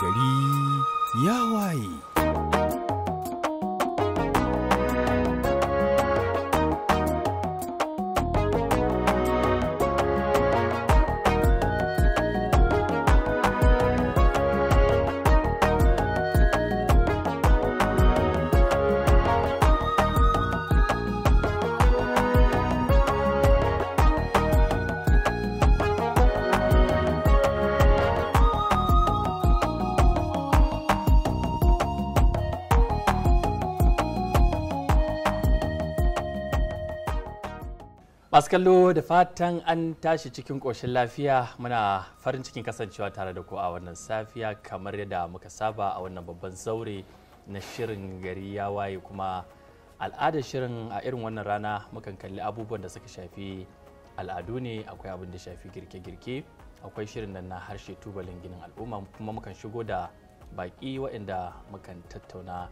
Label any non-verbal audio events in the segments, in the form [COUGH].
gari ya waye. Askallo da fatan an tashi cikin ƙoshin lafiya muna farin cikin kasancewa tare da ku a wannan safiya kamar yadda muka saba a wannan babban zaure na shirin gari ya waye kuma al'adar shirin a irin wannan rana mukan kalli abubuwan da suka shafi al'adu ne akwai abin da shafi girke-girke akwai shirin nan na harshe tubalin ginin al'umma kuma mukan shigo da baƙi waɗanda mukan tattauna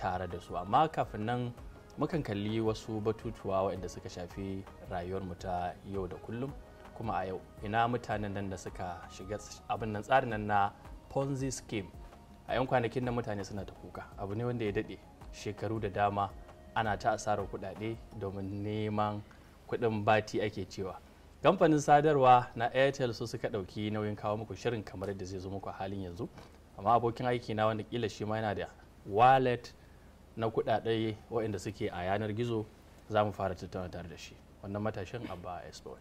tare da su amma kafin nan mukan kalli wasu batutuwa waɗanda suka shafi rayuwar mu ta yau da kullum kuma a yau ina mutanen nan da suka shiga abin nan tsarin nan na ponzi scheme a 'yan kwanakin nan mutane suna ta kuka abu ne wanda ya daɗe shekaru da dama ana ta asarar kuɗaɗe domin neman kuɗin bati ake cewa kamfanin sadarwa na airtel su suka ɗauki nauyin kawo muku shirin kamar da zai zo muku halin yanzu amma abokin aiki na wanda kila shi ma yana da wallet na kudade waɗanda suke a yanar gizo za mu fara tattauna tare da shi wannan matashin abba espo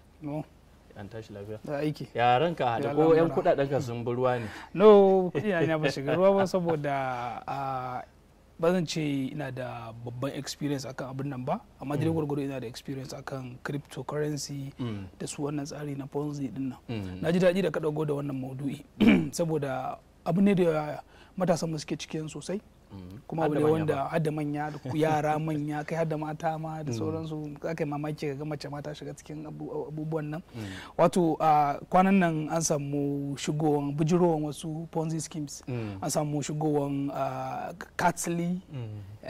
an tashi lafiya da aiki yaran ka hada ko yan kudaden ka sun bi ruwa ne no kudina ne ba shiga ruwa ba saboda ba zan ce ina da babban experience akan abin nan ba amma dai mm. gwargwaro ina da experience akan cryptocurrency mm. da su wannan tsari na ponzi din nan mm. na ji daɗi da ka dago da wannan maudu'i [CLEARS THROAT] saboda abu ne da matasan mu suke cikin sosai kuma wani wanda hada manya da yara [LAUGHS] manya kai hada mata ma da mm. sauransu aka yi mamaki ga mace mata shiga cikin abubuwan nan mm. wato kwanan nan an samu shigowan bijirowan wasu ponzi schemes mm. an samu shigowan katsili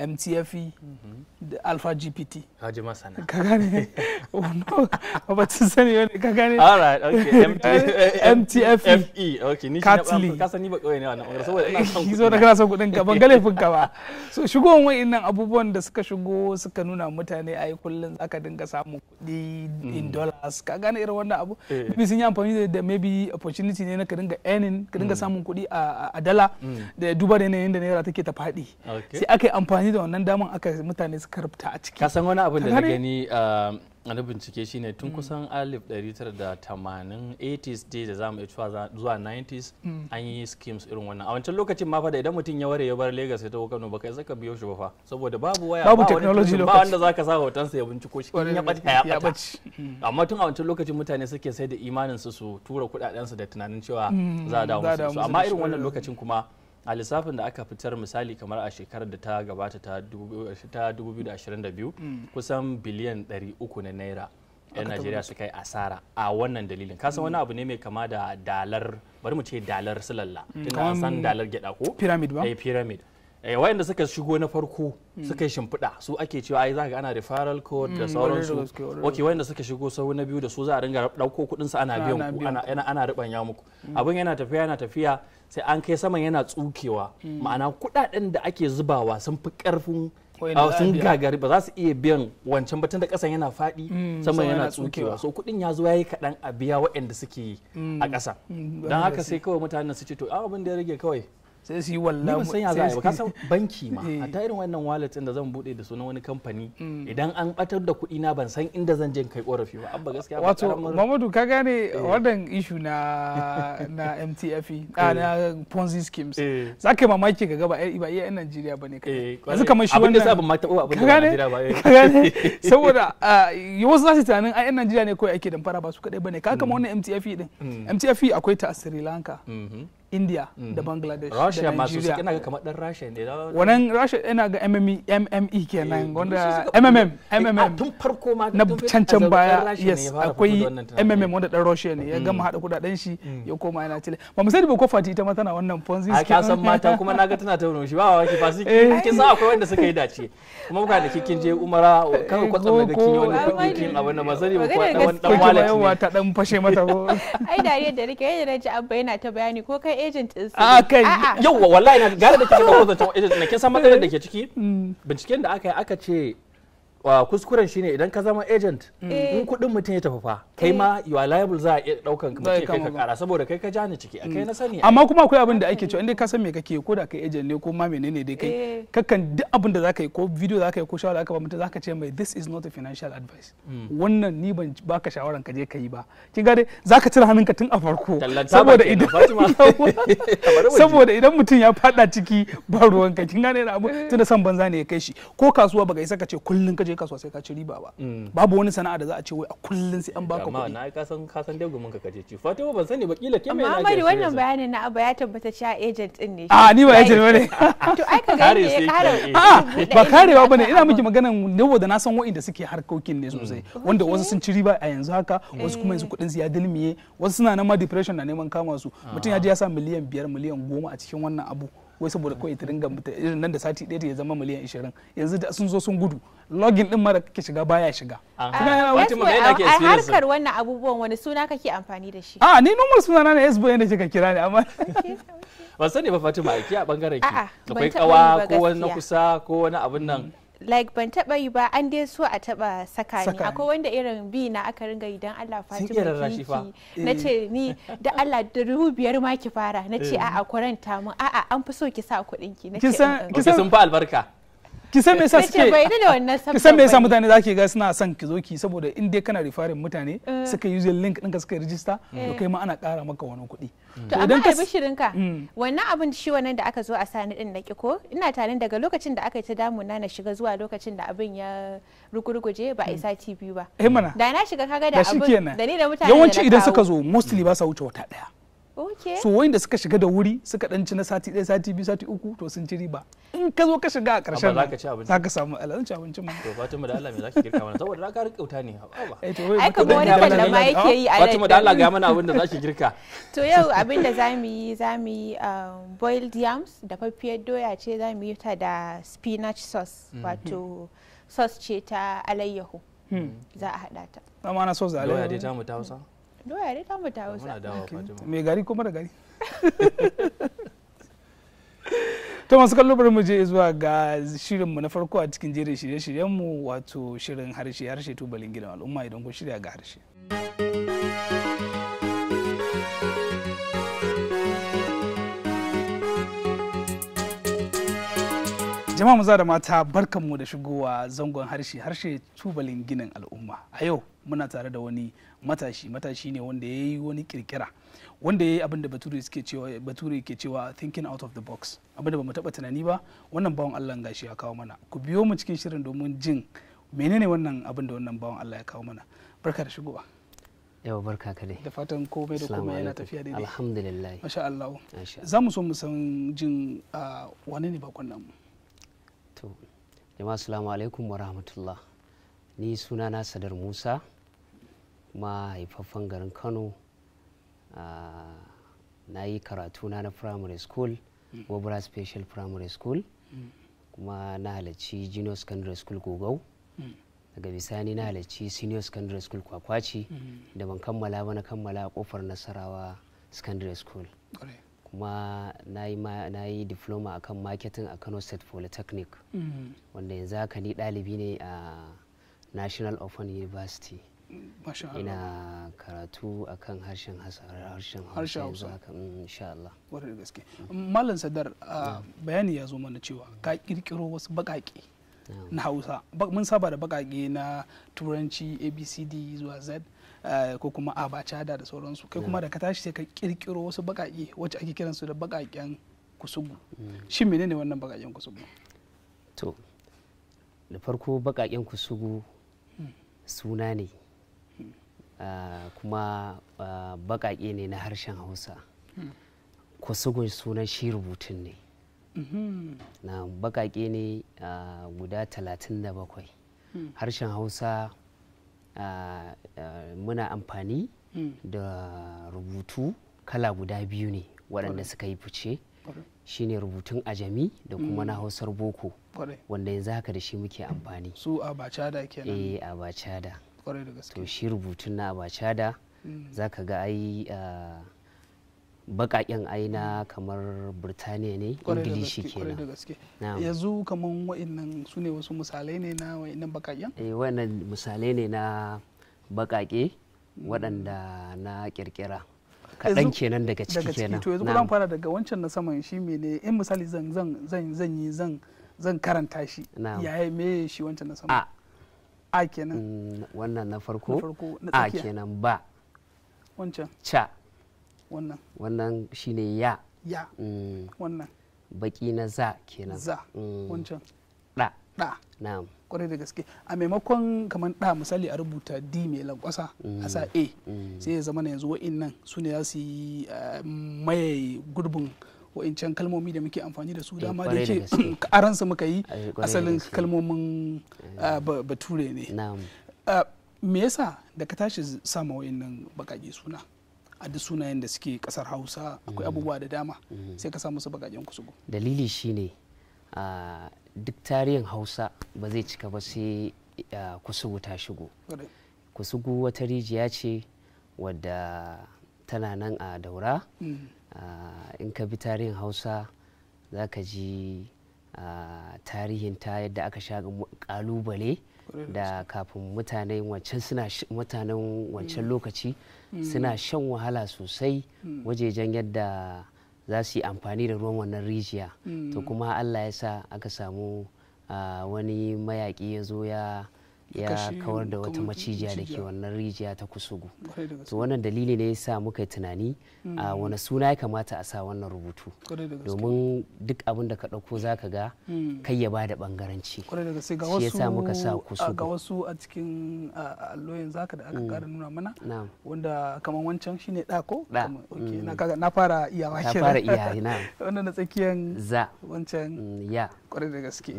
mtfe mm-hmm. da alpha gpt haji masana ka gane wano [LAUGHS] oh, ba ta sani wani ka gane alright okay [LAUGHS] mtfe e. e, katsili ni shi ba ni ba kawai ne wannan saboda ina son kudin ka ban gale laifin ka ba so shigo wa'annan abubuwan da suka shigo suka nuna mutane ai kullum aka dinga samun kuɗi in mm. dollars ka gane irin wannan abu eh. maybe sun yi amfani da maybe opportunity ne na ka dinga earning ka dinga mm. samun kuɗi a dala mm. da duba da yanayin da naira take ta faɗi sai aka yi amfani da wannan daman aka mutane suka rubuta a ciki ka san wani abin da na gani um, na bincike ne tun mm. kusan alif 1980 s day da zamu cewa zuwa 90s mm. an yi schemes irin wannan a wancan lokacin ma fa da idan mutum ya ware ya bar Lagos ya taho Kano ba kai zaka biyo shi ba fa saboda babu waya babu technology ba wanda zaka sa hoton sa ya binciko shi ya bata ya bata [LAUGHS] amma tun a wancan lokacin mutane suke sai da imanin su su tura kudaden su da tunanin cewa mm. za a dawo musu amma irin wannan lokacin kuma a lissafin da aka fitar misali kamar a shekarar da ta gabata ta 2022 mm. kusan biliyan 300 na naira 'yan najeriya suka yi asara a wannan dalilin kasan wani mm. abu ne mai kama da dalar bari mu ce dalar silalla mm. tunda an san dalar gyada ko pyramid ba eh pyramid eh, wayanda suka shigo na farko suka yi shimfiɗa su ake cewa ai zaka ana referral code da sauransu okay wayanda suka shigo sau na biyu da su za a ringa dauko kudin su ana biyan ku ana ana ya muku abin yana tafiya yana tafiya sai an kai saman yana tsukewa ma'ana kudaden da ake zubawa sun fi karfin ah, sun gagari ba za su iya biyan wancan batun da kasan yana faɗi mm, saman yana tsukewa so kudin ya zo yi kaɗan a biya waɗanda suke mm, a ƙasa mm, don haka sai kawai mutanen su ce to ah, abin da ya rage kawai sai su yi wallah sai ya ka san [LAUGHS] banki ma eh. a ta irin wannan wallet din da zan bude da sunan wani kamfani mm. idan an batar da kuɗi na ban san inda zan je kai korafi ba abba gaskiya wato Muhammadu ka gane [LAUGHS] eh. wannan issue na na [LAUGHS] MTFE eh. ah, na Ponzi schemes zaka mamaki ga gaba ba iya yan Najeriya bane kai yanzu kamar shi wannan abin da sabon ma taɓa Najeriya ba ka gane saboda ah, yau za su tunanin ai yan Najeriya ne kawai ake damfara ba su kadai bane ka kama mm. wannan MTF din e MTF mm. e akwai ta a Sri Lanka mm-hmm. india mm. da bangladesh russia masu su ga kamar dan russia ne wannan russia yana ga mme mme eh, kenan wanda mmm mmm tun farko ma na cancan baya yes akwai mmm wanda dan russia ne ya mm. gama hada kudaden shi mm. ya koma yana tile ba mu sai ba ko fati ita ma tana wannan ponzi a ah, ka san mata kuma naga tana ta shi ba wa ki fasi kin eh. san akwai wanda suka yi dace kuma kuka da kikin je umara kan kwatsam da kin wani kudi kin abin da ba sani ba ko dan wani dan wallet ne ta da fashe mata [LAUGHS] da yadda rike yadda naji abba yana ta bayani ko kai agent is. a kan yau wallahi na gare da ko zan zancen agent na kin san matsalar da ke ciki mm. binciken da aka yi aka ce wa kuskuren shine idan ka zama agent eh. in kudin mutum ya tafi fa kai ma eh. you are liable za a iya daukan ka mutum kai ka kara saboda kai ka ja ni ciki akai na mm. sani amma kuma akwai abin da ake cewa inda ka san me kake ko da kai agent ne ko ma menene dai kai eh. kakan duk abin da zaka yi ko video zaka yi ko shawara zaka ba mutum zaka ce mai this is not a financial advice mm. wannan ni ban baka shawaran ka je ka yi ba kin ga dai zaka cire hannunka tun a farko saboda idan [LAUGHS] [LAUGHS] saboda idan mutum ya fada ciki ba ruwan ka kin ga ne abu tunda san banza ne ya kai shi ko kasuwa baka isa ka ce kullun ka je kasuwa sai ka ci riba ba mm. babu wani sana'a da za a ce wai a kullun sai an baka kuɗi amma na ka san ka san dai gumin ka kaje ci fatima ban sani ba kila ke mai na amma wannan bayanin na aba ya tabbata cewa agent din ne a ah, ni ba agent bane [LAUGHS] to ai ka ga ya ah, kare ba karewa bane ina miki maganan da na san wa'inda suke harkokin ne sosai wanda wasu sun ci riba a yanzu haka wasu kuma yanzu eh. kuɗin su ya dilmiye wasu suna nan ma depression na neman kama su ah. mutum ya je ya sa miliyan biyar miliyan goma a cikin wannan abu wai saboda kawai ta dinga irin nan da sati ɗaya ya zama miliyan ishirin yanzu da sun zo sun gudu login din mara kake shiga baya shiga kuma yana wata magana ke siyasa harkar wannan abubuwan wani suna kake amfani da shi a ah, ni normal suna na s SBN da kika kira ne amma [LAUGHS] ban sani ba Fatima aiki a bangaren ki akwai kawa ko wani kusa ko wani abun nan like ban taba yi ba an dai so a taba saka akwai wanda irin bi na aka ringa idan Allah Fatima kiki na ce ni da Allah da ruhu biyar ma ki fara na ce eh. a'a kuranta mun a'a an fi so ki sa kuɗin ki na ce sun fa albarka ki san me yasa suke ki mutane zaki ga suna son ki zo ki saboda in dai kana referring mutane eh. suka use link din ka suka register to eh. kai ma ana ƙara maka wani kuɗi to amma ai shirin ka mm. wannan abin shi wannan da aka zo a sani din na ko ina tarin daga lokacin da aka yi ta damu na na shiga zuwa lokacin da abin ya rugurguje ba a isa mm. tv ba eh da na shiga kaga da abin da ni da mutane yawanci idan suka zo mostly ba sa wuce wata daya so wayanda suka shiga da wuri suka dan ci na sati ɗaya sati biyu sati uku to sun ci riba in ka zo ka shiga a ƙarshen za ka ci abinci za ka samu alalan ci abincin ma to Fatima da Allah me zaki girka mana saboda na ka rikauta ne eh, ai kuma wani ma yake yi a Fatima da Allah ga mana abin da zaki girka [LAUGHS] to yau abin da zamu yi zamu yi um, boiled yams da faffiyar doya ce zamu yi ta da spinach sauce mm-hmm. wato sauce ce ta alayyahu hmm. za a haɗa ta. Amma na sauce da alayyahu. Doya dai ta mu ta Hausa. doya dai tamu ta hausa mai gari ko mara gari [LAUGHS] to masu kallo bari mu je zuwa ga shirin mu na farko a cikin jerin shirye shiryen mu wato shirin harshe harshe tubalin gidan al'umma idan kun shirya ga harshe jama'a maza da mata barkanmu da shigowa zangon harshe harshe tubalin ginin al'umma a yau muna tare da wani matashi matashi ne wanda ya yi wani kirkira wanda ya yi abin da bature cewa bature ke cewa thinking out of the box abin da ba mu taba tunani ba wannan bawan Allah shi ya kawo mana ku biyo mu cikin shirin domin jin menene wannan abin da wannan bawan Allah ya kawo mana barka da shigowa yawa barka ka da fatan komai da komai yana tafiya daidai alhamdulillah masha Allah za mu so mu san jin ah, wane ne bakon nan to jama'a assalamu alaikum wa rahmatullah ni sunana sadar musa kuma haifaffan garin kano na yi karatuna na primary school wabra mm. special primary school mm. kuma na halarci junior secondary school gogau mm. daga bisani na halarci senior secondary school kwakwaci da ban kammala ba na kammala a kofar nasarawa secondary school kuma na yi diploma kan marketing a kano state polytechnic wanda yanzu haka ni ɗalibi ne a national open university ina karatu akan harshen harshen hausa mm, insha Allah da gaske malam sadar bayani ya zo mana cewa ka kirkiro wasu bakaki na hausa mun saba da baƙaƙe na turanci abcd zuwa z ko kuma abacha da da sauransu kai kuma da ka tashi sai ka kirkiro wasu baƙaƙe wacce ake kiransu da baƙaƙen kusugu mm. shin menene wannan baƙaƙen kusugu to da farko baƙaƙen kusugu hmm. suna ne Ah, kuma ah, baƙaƙe ne na harshen hausa kusurgun sunan shi rubutun ne na baƙaƙe ne ah, guda 37 harshen hausa muna amfani da rubutu kala guda biyu ne waɗanda suka yi fice shine rubutun ajami da kuma na mm. hausar boko wanda yanzu haka da shi muke amfani su abacada kenan eh abacada to shi rubutun na da mm. za ka ga ai ah, bakaken aina mm. kamar birtaniya ne ingilishi kenan yanzu kamar wa'annan su ne wasu misalai ne na wa'annan bakaken eh wa'annan misalai ne na bakake mm. waɗanda na kirkira kaɗan kenan daga ciki kenan to yanzu kuma fara daga wancan na saman shi mene in eh, misali zan zan zan yi zan zan karanta shi yaya me shi wancan na saman ah, a kenan mm, wannan na farko a kenan ba wancan ca wannan wannan shine ya ya mm. wannan baki na za kenan za mm. wancan da da na'am kwarai da gaske a maimakon kamar da misali a rubuta d mai lankwasa a sa a sai ya zama na yanzu wa'in nan su ne za su yi eh, mai gurbin wa'incan kalmomi da muke amfani da su eh, dama da ke [LAUGHS] aransa muka yi eh, asalin kalmomin eh. ah, bature ne ah, me yasa da ka tashi sama wa'innan bakage suna a duk sunayen da suke kasar hausa akwai mm. abubuwa da dama mm. sai ka sa musu bakajen kusugu dalili shine ah, duk tarihin hausa ba zai cika ba sai kusugu ta shigo kusugu wata rijiya ce wadda tana nan a daura mm. Ah, in ka bi tarihin hausa za ka ji ah, tarihin ta yadda aka sha kalubale da kafin mutanen wancan mm. lokaci mm. suna shan wahala sosai mm. wajejen yadda za su yi amfani da ruwan wannan rijiya to kuma allah ya sa aka samu ah, wani mayaƙi ya zo ya ya kawar da wata macijiya da ke wannan rijiya ta kusugu to wannan dalili ne yasa muka yi tunani mm. a wani suna ya kamata a sa wannan rubutu domin duk abin da ka ɗauko za ka ga mm. kai ya ba da ɓangaranci shi sa muka sa kusugu ga wasu a cikin alloyin zaka da aka mm. ƙara nuna mana wanda kamar wancan shine ɗako na fara iyawa shi na fara iya na [LAUGHS] wannan na tsakiyan za wancan ya kwarai da gaske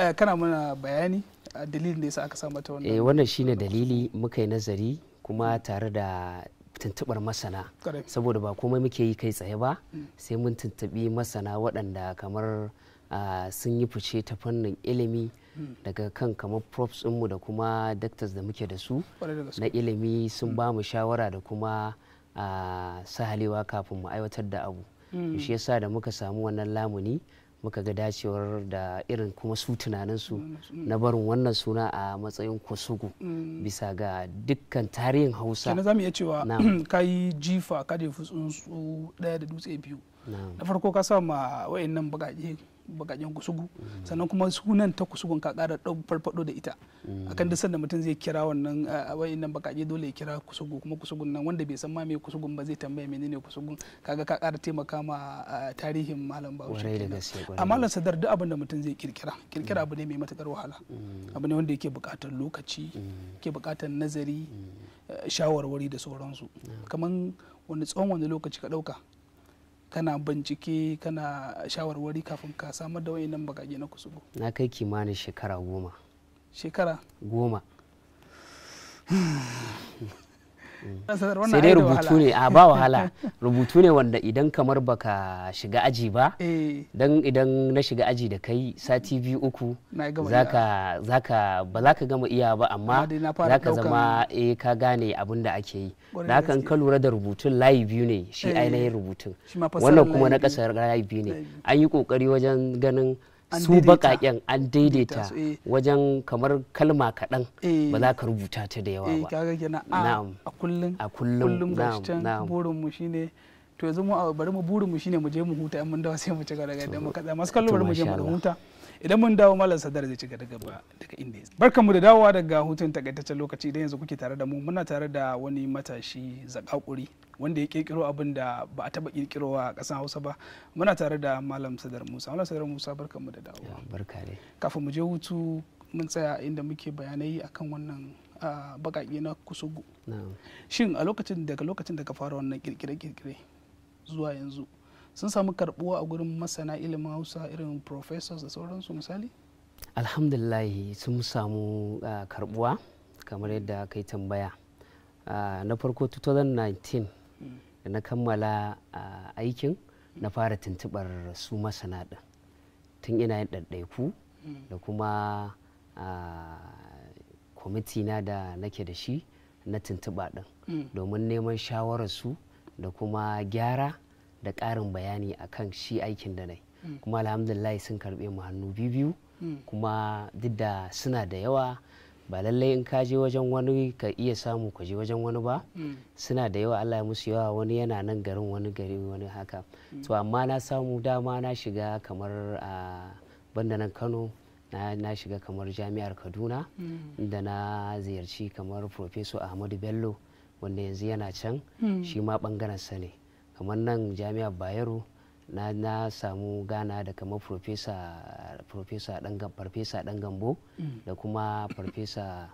eh, kana mana bayani dalilin da sa aka samu mata wannan eh wannan shine dalili muka yi nazari kuma mm. tare da tuntubar masana saboda ba komai muke yi kai tsaye ba mm. sai mun tuntubi masana waɗanda kamar ah, sun yi fice ta fannin ilimi mm. daga kan kamar props mu da kuma doctors da muke da su na ilimi sun ba mu shawara da kuma ah, sahalewa kafin mu aiwatar da abu shi yasa da muka samu wannan lamuni muka ga dacewar da irin kuma su tunaninsu mm. na barin wannan suna a matsayin kosugu mm. bisa ga dukkan tarihin hausa kenan zamu iya cewa [CLEARS THROAT] ka yi jifa ka jefi tsuntsu daya da dutse biyu na farko ka sa ma wayannan bagage bakaken kusugu sannan kuma sunan ta kusugun ka kara farfado da ita akan duk sanda mutum zai kira wannan wayannan bakake dole ya kira kusugu kuma kusugun nan wanda bai san ma me kusugun ba zai tambaya menene kusugun kaga ka kara taimaka ma tarihin malam Bahaushe a malam sadar duk abin da mutum zai kirkira kirkira mm. abu ne mai matukar wahala mm. abu ne wanda yake bukatar lokaci mm. ke bukatar nazari eh, shawarwari da sauransu kamar wani tsawon wani lokaci ka ɗauka. kana bincike kana shawarwari kafin ka samar da wayannan bagage na kusurgu na kai kimanin shekara goma shekara goma sai dai rubutu ne a ba wahala [LAUGHS] rubutu ne wanda idan kamar baka shiga aji ba eh. don idan na shiga aji da kai sati biyu uku zaka ba za ka gama iya ba amma za ka zama e ka gane abin da ake yi da ka lura da rubutun layi biyu ne shi eh. ainihin rubutun wannan kuma na ƙasar layi biyu ne an yi ƙoƙari wajen ganin su bakaken an daidaita eh. wajen kamar kalma kaɗan eh. ba za ka rubuta ta da yawa eh, ba a kullum a kullum na'am burin mu shine to yanzu mu bari mu burin mu shine mu je mu huta in mun dawo sai mu ci gaba da mu kaza masu kallo bari mu je mu huta idan mun dawo malam sadar zai ci daga daga inda barka mu da dawowa daga hutun takaitaccen lokaci idan yanzu kuke tare da mu muna tare da wani matashi zakakuri wanda ya kirkiro abin da ba a taba kirkirowa a ƙasar Hausa ba muna tare da malam sadar Musa malam sadar Musa barka mu da dawowa barka ne kafin mu je hutu mun tsaya inda muke bayanai akan wannan bakaki na kusugu shin a lokacin daga lokacin da ka fara wannan kirkire-kirkire zuwa yanzu sun samu karbuwa a gurin masana ilimin hausa irin professors da sauransu misali alhamdulillah sun samu ah, karbuwa kamar yadda kai tambaya ah, na farko 2019 da na kammala ah, aikin na fara tuntubar su masana din tun ina yin ɗaiɗaiku da kuma kwamiti na da nake da shi na tuntuɓa ɗin mm. domin neman shawararsu da kuma gyara da ƙarin bayani akan shi aikin da nai mm. kuma alhamdulillah sun karɓi mu hannu biyu mm. kuma duk da suna da yawa ba lallai in ka je wajen wani ka iya samu ka je wajen wani ba mm. suna da yawa Allah ya musu yawa wani yana nan garin wani gari wani haka to amma na samu dama na shiga kamar a banda nan Kano na shiga kamar jami'ar Kaduna inda na ziyarci kamar Professor Ahmadu Bello wanda yanzu yana can shi ma bangaren sa ne kamar nan jami'ar bayero na, samu gana da kamar farfesa dan gambo mm. da kuma farfesa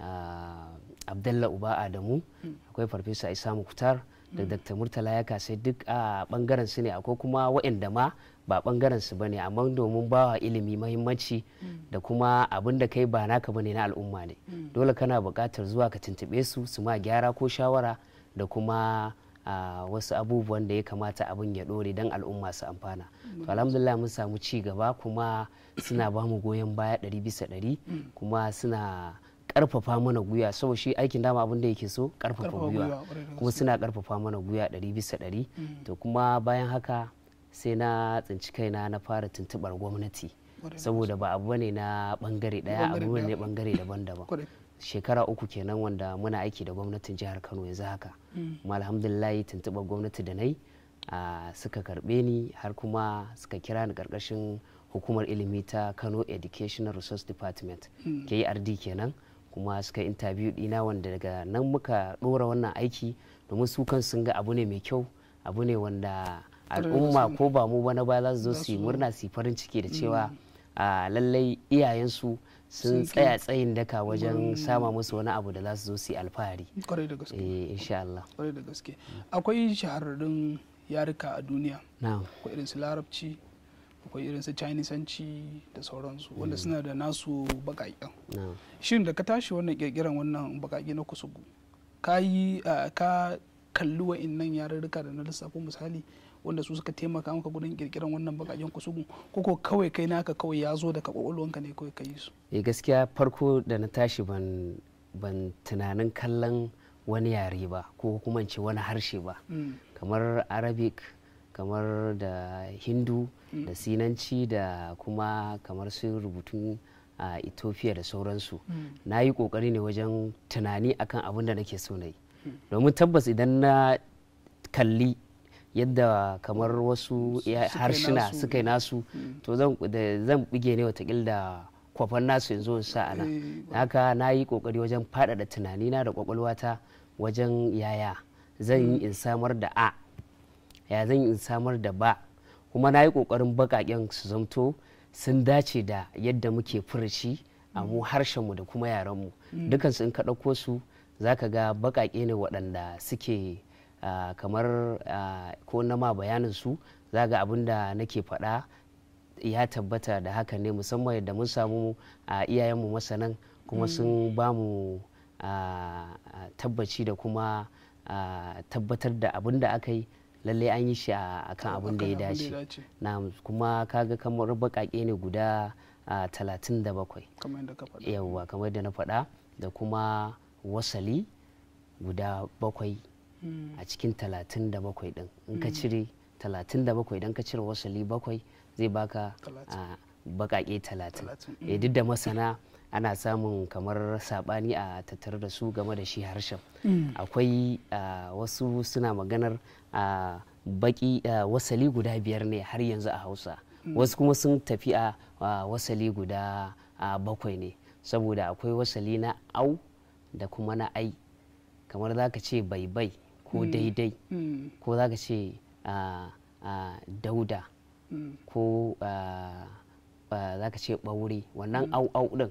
ah, abdullahi uba adamu mm. akwai farfesa isa muktar da mm. dr murtala ya kasai duk a bangaren su ne akwai kuma waɗanda ma ba bangaren su ba ne amma domin bawa ilimi mahimmanci da kuma abin da kai ba naka ba ne na al'umma ne dole kana bukatar zuwa ka tuntube su su ma gyara ko shawara da kuma a wasu abubuwan da ya kamata abin ya dore don al'umma su amfana to mm. alhamdulillah mun samu ci gaba kuma suna ba mu goyon baya ɗari bisa ɗari mm. kuma suna ƙarfafa mana guya saboda shi aikin dama abin da yake so ƙarfafa guya kuma suna ƙarfafa mana guya ɗari bisa ɗari mm. to kuma bayan haka sai na tsinci kaina na fara tuntubar gwamnati saboda ba abu ne na bangare ɗaya abu ne bangare daban-daban shekara uku kenan wanda muna aiki da gwamnatin jihar kano yanzu haka mm. kuma alhamdulillah tuntuɓar gwamnati da nai suka karɓe ni har kuma suka kira ni ƙarƙashin hukumar ilimi ta kano educational resource department mm. krd e kenan kuma suka interview ɗina wanda daga nan muka ɗora wannan aiki domin su kan sun ga abu ne mai kyau abu ne wanda al'umma ko ba mu ba na baya za su zo su yi murna su yi farin ciki da cewa mm. a lallai iyayensu sun tsaya tsayin daka wajen mm. sama musu wani abu da za su zo su yi alfahari kwarai da gaske eh, mm. akwai shahararrun yarika a duniya akwai irin su larabci akwai irin su chinesanci da sauransu wanda mm. suna da nasu bakaƙen shin da ka tashi wannan kirkiran wannan bakaƙi na kusugu ka yi ka kalli wa'innan yarurruka da na lissafo misali wanda su suka taimaka maka gudun kirkiran wannan bakaken kusugu ko kawai kai naka kawai ya zo daga kwakwalwanka ne kawai ka yi su eh gaskiya farko da na tashi ban ban tunanin kallon wani yare ba ko kuma ce wani harshe ba mm. kamar arabic kamar da hindu mm. da sinanci da kuma kamar su rubutun a ethiopia da sauransu mm. na yi kokari ne wajen tunani akan abin da nake so na yi domin tabbas idan na kalli yadda kamar wasu harshina suka yi nasu mm. to zan bige ne wata da kwafan nasu yanzu sa ana eh, haka na yi kokari wajen faɗaɗa tunanina da kwakwalwata wajen yaya zan yi mm. in samar da a ya zan yi in samar da ba kuma na yi kokarin baƙaƙen su zamto sun dace da yadda muke furci a mu mm. harshen mu da kuma yarenmu dukansu in ka ɗauko su za ka ga baƙaƙe ne waɗanda suke Ah, kamar ah, ko na ma bayanin su zaga abin da nake faɗa ya tabbata da haka ne musamman yadda mun samu ah, iyayenmu masanan kuma sun hmm. ba mu tabbaci da kuma tabbatar da abin da aka yi lallai an yi shi a kan abin da ya dace na kuma kaga kamar baƙaƙe ne guda talatin da bakwai yawwa kamar da na faɗa da kuma wasali guda bakwai Mm. a cikin 37 din in ka mm. cire 37 idan ka cire wasali bakwai zai baka ah, bakake 30 eh, mm. duk da masana ana samun kamar sabani a tattare da su game da shi harshen akwai ah, wasu suna maganar ah, baki wasali guda biyar ne har yanzu a hausa wasu kuma sun tafi a wasali guda bakwai ne saboda akwai wasali na au da kuma na ai kamar za ka ce bai bai ko mm. daidai mm. ko za ka ce ah, ah, dauda mm. ko ah, za ka ce ɓaure wannan au-au ɗin eh,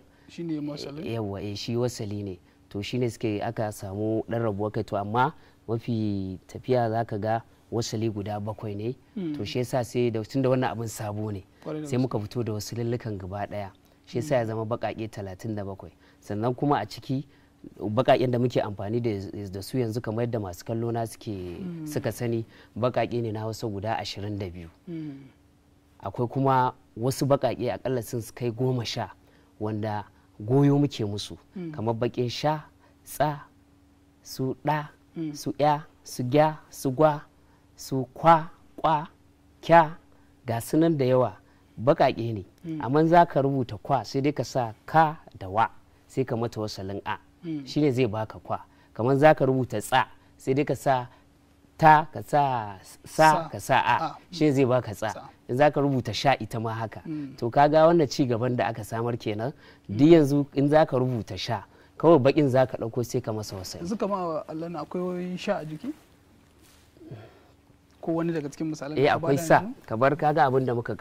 eh, shi ne wasali ne to shi ne suke aka samu ɗan rabuwa kai to amma mafi tafiya za ka ga wasali guda bakwai ne to shi yasa sai da tun da wannan abin sabo ne sai muka fito da wasu lullukan gaba ɗaya shi yasa ya zama baƙaƙe talatin da bakwai sannan kuma a ciki Baƙaƙen da muke amfani da su yanzu kamar yadda masu kallo na suke hmm. suka sani baƙaƙe ne na wasu guda ashirin da biyu hmm. akwai kuma wasu bakaƙe akalla sun kai goma sha wanda goyo muke musu hmm. kamar baƙin sha tsa su ɗa su ya su gya su gwa su kwa kwa kya ga sunan da yawa baƙaƙe ne amma za ka rubuta kwa sai dai ka sa ka da wa sai ka mata wasalin a Hmm. shine zai baka kwa kamar za ka rubuta tsa sai dai ka sa ta ka sa sa ka sa a ah. shi zai baka tsa in za ka rubuta sha ita ma haka hmm. to kaga wannan ci gaban da aka samar kenan hmm. duk yanzu in za ka rubuta sha kawai bakin za ka dauko sai ka masa wasu yanzu kama Allah na akwai wayoyin sha a jiki ko wani daga cikin misalan eh akwai sa kabar kaga abin da muka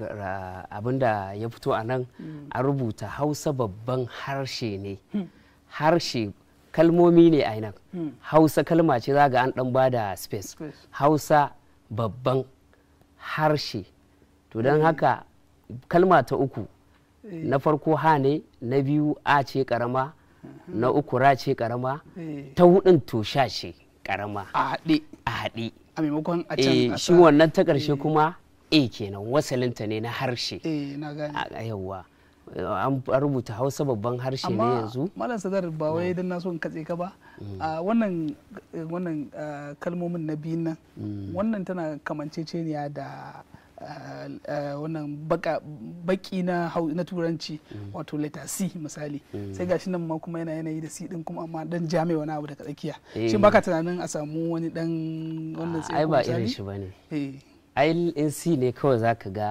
abin da ya fito a nan a rubuta hausa babban harshe ne harshe kalmomi ne a nan hmm. hausa kalma ce za ga an dan da space hausa babban harshe to don hmm. haka kalma ta uku eh. na farko ha ne na biyu a ce karama hmm. na uku ra ce karama eh. ta hudun to sha ce karama a haɗe a haɗe a maimakon a can eh, shi wannan ta ƙarshe kuma e kenan wasalinta ne na harshe yawwa an rubuta hausa babban harshe ne yanzu malam sadar ba wai mm. dan na so in katse ka ba mm. ah, wannan wannan ah, kalmomin na biyun nan mm. wannan tana kamanceceniya da ah, wannan baki na turanci wato letter c misali sai gashi nan ma kuma yana yanayi da c din kuma amma dan jami'a wani abu daga tsakiya eh. shin baka tunanin a samu wani dan wannan sai ai ba irin shi bane eh. ai in c ne kawai zaka ga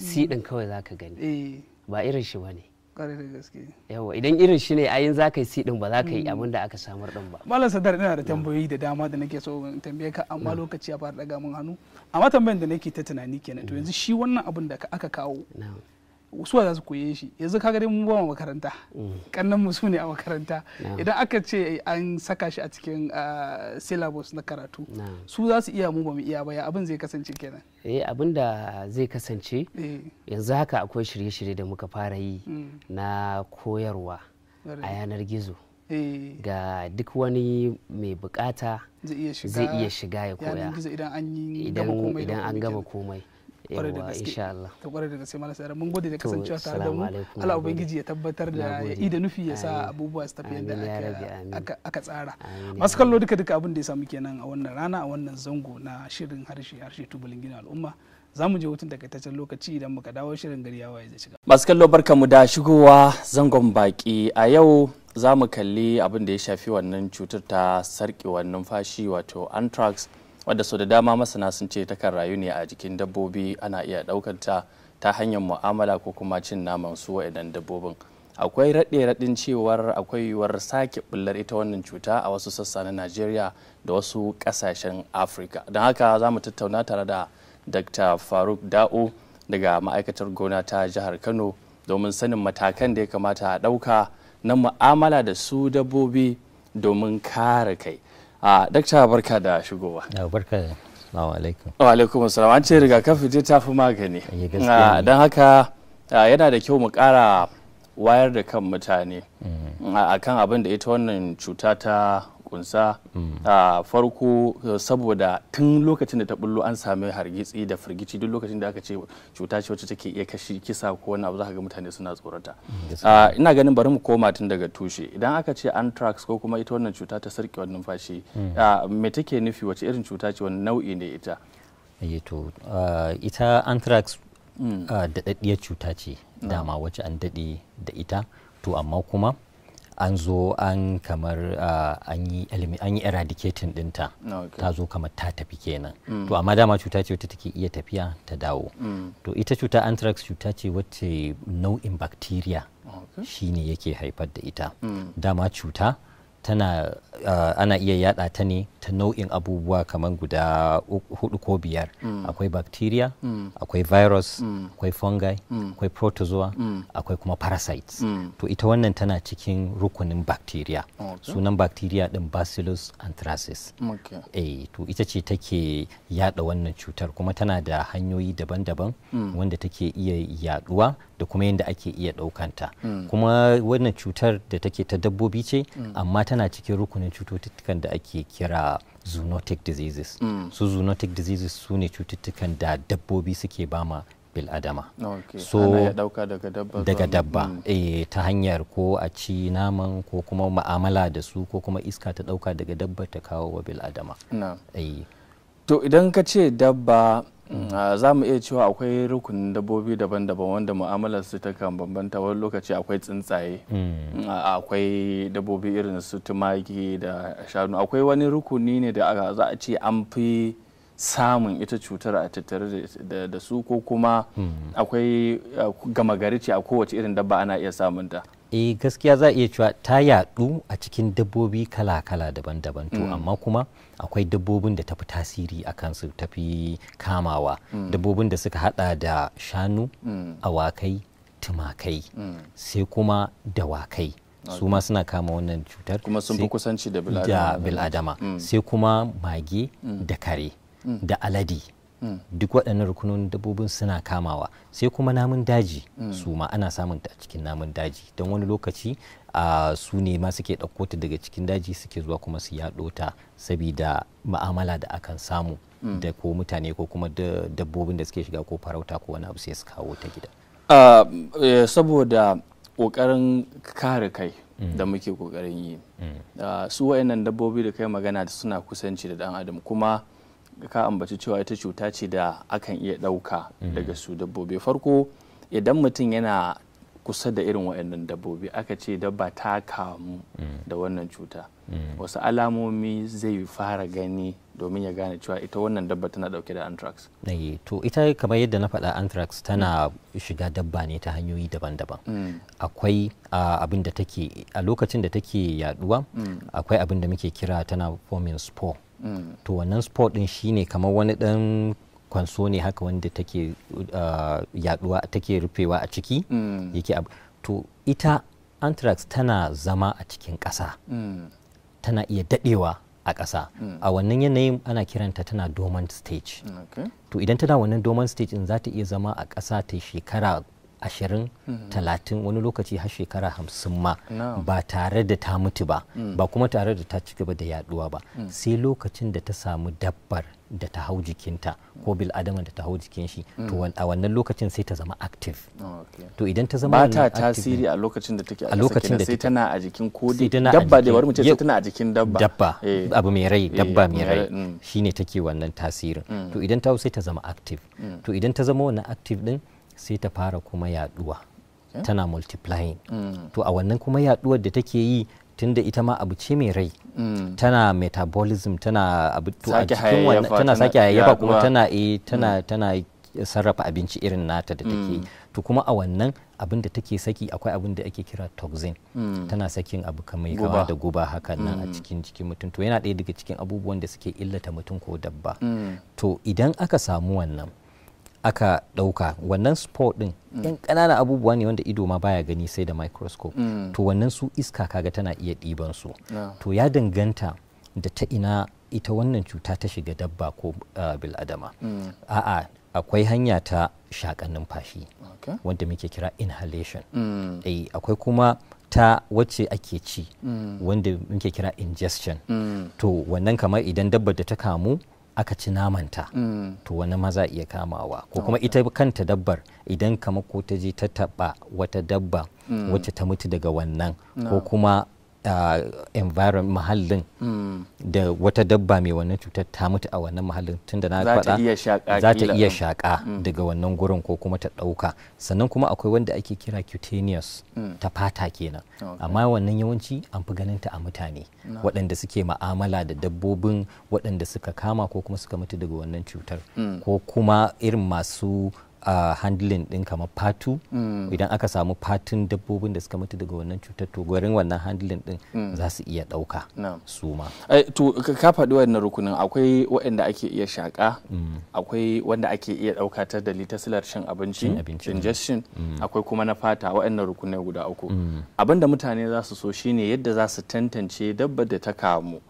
c din kawai zaka gani eh. ba irin shi ba ne yawa idan irin shi ne ayin za ka yi si din ba za ka yi mm. abin da aka samar din ba malam sadar ina da tambayoyi da dama da nake so in tambaye ka amma mm. lokaci ya fara daga min hannu amma tambayin da nake ta tunani kenan to mm. yanzu shi wannan abin da aka kawo suwa za su koye shi yanzu kaga dai mun ba makaranta kannan mm. mu su ne a makaranta idan aka ce an saka shi a cikin ah, syllabus na karatu su za su iya mu ba mu iya ba ya abin zai kasance kenan eh abin da zai kasance eh. yanzu haka akwai shirye-shirye da muka fara yi mm. na koyarwa a yanar gizo eh. ga duk wani mai bukata zai iya shiga ya koya idan an gaba komai kwarai da gaske ta kwarai da gaske mana sai mun gode da kasancewa tare da mu Allah ubangiji ya tabbatar da ya nufi ya sa abubuwa su tafi yadda aka tsara masu kallo duka duka abin da ya samu kenan a wannan rana a wannan zango na shirin harshe harshe tubulin gina al'umma za mu je hutun takaitaccen lokaci idan muka dawo shirin gari yawa ya shiga masu kallo mu da shigowa zangon baki a yau za mu kalli abin da ya shafi wannan cutar ta sarkewar numfashi wato anthrax wadda su da dama masana sun ce takan rayu ne a jikin dabbobi ana iya ɗaukanta ta hanyar mu'amala ko kuma cin naman su wa'idan dabbobin akwai raɗe raɗin cewar akwai yiwuwar sake bullar ita wannan cuta a wasu sassa na najeriya da wasu ƙasashen afirka don haka za mu tattauna tare da dr faruk da'o daga ma'aikatar gona ta jihar kano domin sanin matakan da ya kamata a ɗauka na mu'amala da su dabbobi domin kare kai a dakta barka da shigowa barka salamu alaikum wa alaikum assalam an ce rigakafi je ta fi magani eh, don haka yana da kyau mu kara wayar da kan mutane mm. akan abin da ita wannan cuta ta kunsa mm. a farko saboda tun lokacin da ta bullo an sami hargitsi da firgici duk lokacin da aka ce cuta ce wacce take iya kashi kisa ko wani abu za ga mutane suna tsorata ina ganin bari mu koma tun daga tushe idan aka ce anthrax ko kuma ita wannan cuta ta sarki wannan fashi mm. me take nufi wace irin cuta ce wani nau'i ne ita eh ita anthrax mm. daɗaɗɗiyar cuta ce dama wacce an daɗe da ita to amma kuma an zo an kamar ah, an yi eradicating dinta ta zo kamar ta tafi kenan mm. to amma dama cuta ce wacce take iya tafiya ta dawo mm. to ita cuta anthrax cuta ce wacce nau'in bacteria shine yake haifar da ita mm. dama cuta tana uh, ana iya yada ta ne ta nau'in abubuwa kamar guda hudu ko biyar mm. akwai bacteria mm. akwai virus mm. akwai fungi akwai protozoa akwai kuma parasites to ita wannan tana cikin rukunin bacteria sunan bacteria din bacillus anthracis e to ita ce take yada wannan cutar kuma tana da hanyoyi daban-daban wanda take iya yaduwa da kuma yadda ake iya daukanta kuma wannan cutar da take ta dabbobi ce amma tana tana cikin rukunin cututtukan da ake kira zoonotic diseases mm. su zoonotic diseases su ne cututtukan da dabbobi suke bama bil'adama. Okay. So daga dabba mm. e, ta hanyar ko a ci naman ko kuma ma'amala da su ko kuma iska ta dauka daga dabba ta kawo wa bil'adama. No. E. Eh. To idan ka ce dabba za mu iya cewa akwai rukunin dabbobi daban-daban wanda mu'amalar su ta kan bambanta wani lokaci akwai tsuntsaye hmm. akwai dabbobi irin su tumaki da shanu akwai wani rukuni ne da za a ce an fi samun ita cutar a tattare da su ko kuma hmm. akwai gama gari ce a kowace irin dabba ana iya samunta eh gaskiya za a iya cewa ta yaɗu a cikin dabbobi kala-kala daban-daban to mm. amma kuma akwai dabbobin da tafi tasiri a kansu tafi kamawa mm. dabbobin da suka hada da shanu mm. awakai tumakai sai kuma dawakai su ma suna kama wannan cutar kuma sun fi kusanci da bil'adama sai kuma mage da kare da alade duk waɗannan rukunonin dabbobin suna kamawa sai kuma namun daji su ma ana samun ta a cikin namun daji don wani lokaci a su ne ma suke ɗauko ta daga cikin daji suke zuwa kuma su yaɗo ta saboda ma'amala da akan samu da ko mutane ko kuma dabbobin da suke shiga ko farauta ko wani abu sai su kawo ta gida e, saboda ƙoƙarin kare kai da mm. muke ƙoƙarin yi mm. su wa'annan dabbobi da kai magana suna kusanci da ɗan adam kuma ka ambaci cewa ita cuta ce da akan iya ɗauka mhm. daga su dabbobi farko idan mutum yana kusa da irin waɗannan dabbobi aka ce dabba ta kamu mm. da wannan cuta mm. wasu alamomi zai fara gani domin ya gane cewa ita wannan dabba tana dauke da anthrax to ita kamar yadda na faɗa anthrax tana shiga dabba ne ta hanyoyi daban-daban mm. akwai abin da take a lokacin da take yaduwa akwai abin da muke kira tana forming spore to wannan sport din shine kamar wani dan kwanso ne haka wanda take uh, yaduwa take rufewa a ciki mm. yake to ita anthrax tana zama a cikin ƙasa mm. tana iya dadewa a ƙasa mm. a wannan yanayin ana kiranta tana dormant stage to idan tana wannan dormant stage in zata iya zama a ƙasa ta shekara ashirin hmm. talatin wani lokaci har shekara hamsin ma ba tare da ta mutu ba hmm. ba kuma tare da ta ci gaba da yaduwa ba hmm. sai lokacin da ta samu dabbar da ta hau jikinta ko bil adama da ta hau jikin shi to a wannan lokacin sai ta zama active to idan ta zama ba ta tasiri a lokacin da take a lokacin da sai tana a jikin ko dabba da wani mutum sai tana a jikin dabba dabba eh. abu mai rai eh, dabba mai rai shine take wannan tasirin to idan ta sai ta zama active to idan ta zama wannan active din sai ta fara kuma yaduwa tana multiplying mm. to a wannan kuma yaduwar da take yi tunda ita ma abu ce mai rai mm. tana metabolism tana abu to a cikin wannan tana sake hayayyafa kuma tana eh mm. tana tana sarrafa abinci irin nata da take yi to kuma a wannan abin da take saki akwai abin da ake kira toxin tana sakin abu kamar kawa da guba hakan nan a cikin jikin mutum to yana ɗaya daga cikin abubuwan da suke illata mutum ko dabba to idan aka samu wannan aka ɗauka wannan sport ɗin yan mm. ƙananan abubuwa ne wanda ido ma baya gani sai da microscope mm. to wannan su iska kaga tana iya ɗiban su to ya danganta da ta ina ita wannan cuta ta shiga dabba ko uh, biladama mm. a'a akwai hanya ta shakan numfashi wanda muke kira inhalation eh, akwai kuma ta wacce ake ci wanda muke kira ingestion to wannan kamar idan dabbar da ta kamu aka ci namanta mm. to wani maza iya kamawa ko kuma ita kanta dabbar idan kama ko ta je ta taɓa wata dabba mm. wacce ta mutu daga wannan ko kuma environment mahallin hmm. da wata dabba mai wannan cutar ta mutu a wannan mahallin da na faɗa za ta iya shaka hmm. daga wannan gurin ko kuma ta ɗauka sannan kuma akwai wanda ake kira cutaneous hmm. ta fata kenan amma wannan yawanci an fi ganin ta a mutane waɗanda suke ma'amala da dabbobin waɗanda suka kama ko kuma suka mutu daga wannan cutar ko kuma irin masu uh, handling din kamar fatu mm. idan aka samu fatun dabbobin da suka mutu daga wannan cutar to gwarin wannan handling din mm. za su iya ɗauka no. su ma eh, to ka faɗi wannan rukunin akwai waɗanda ake iya shaƙa mm. akwai wanda ake iya ɗauka ta da ta shan abinci mm. ingestion akwai kuma na fata waɗannan rukunai guda uku abinda mutane za su so shine yadda za su tantance dabba da ta kamu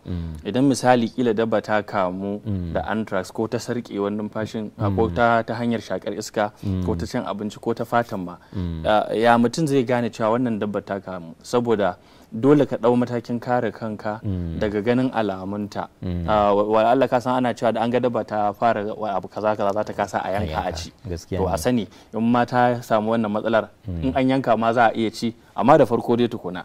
idan misali kila dabba ta kamu da anthrax ko ta wani numfashin ko ta hanyar shakar iska iska ko ta cin abinci ko ta fatan ma mm. ah, ya mutum zai gane cewa wannan dabba ta kamu saboda dole ka ɗau matakin kare kanka mm. daga ganin alamunta mm. ah, wa Allah ka san ana cewa da an ga dabba ta fara abu kaza kaza za ta kasa a yanka a ci to a sani in ma ta samu wannan matsalar in an yanka ma za a iya ci amma da farko dai tukuna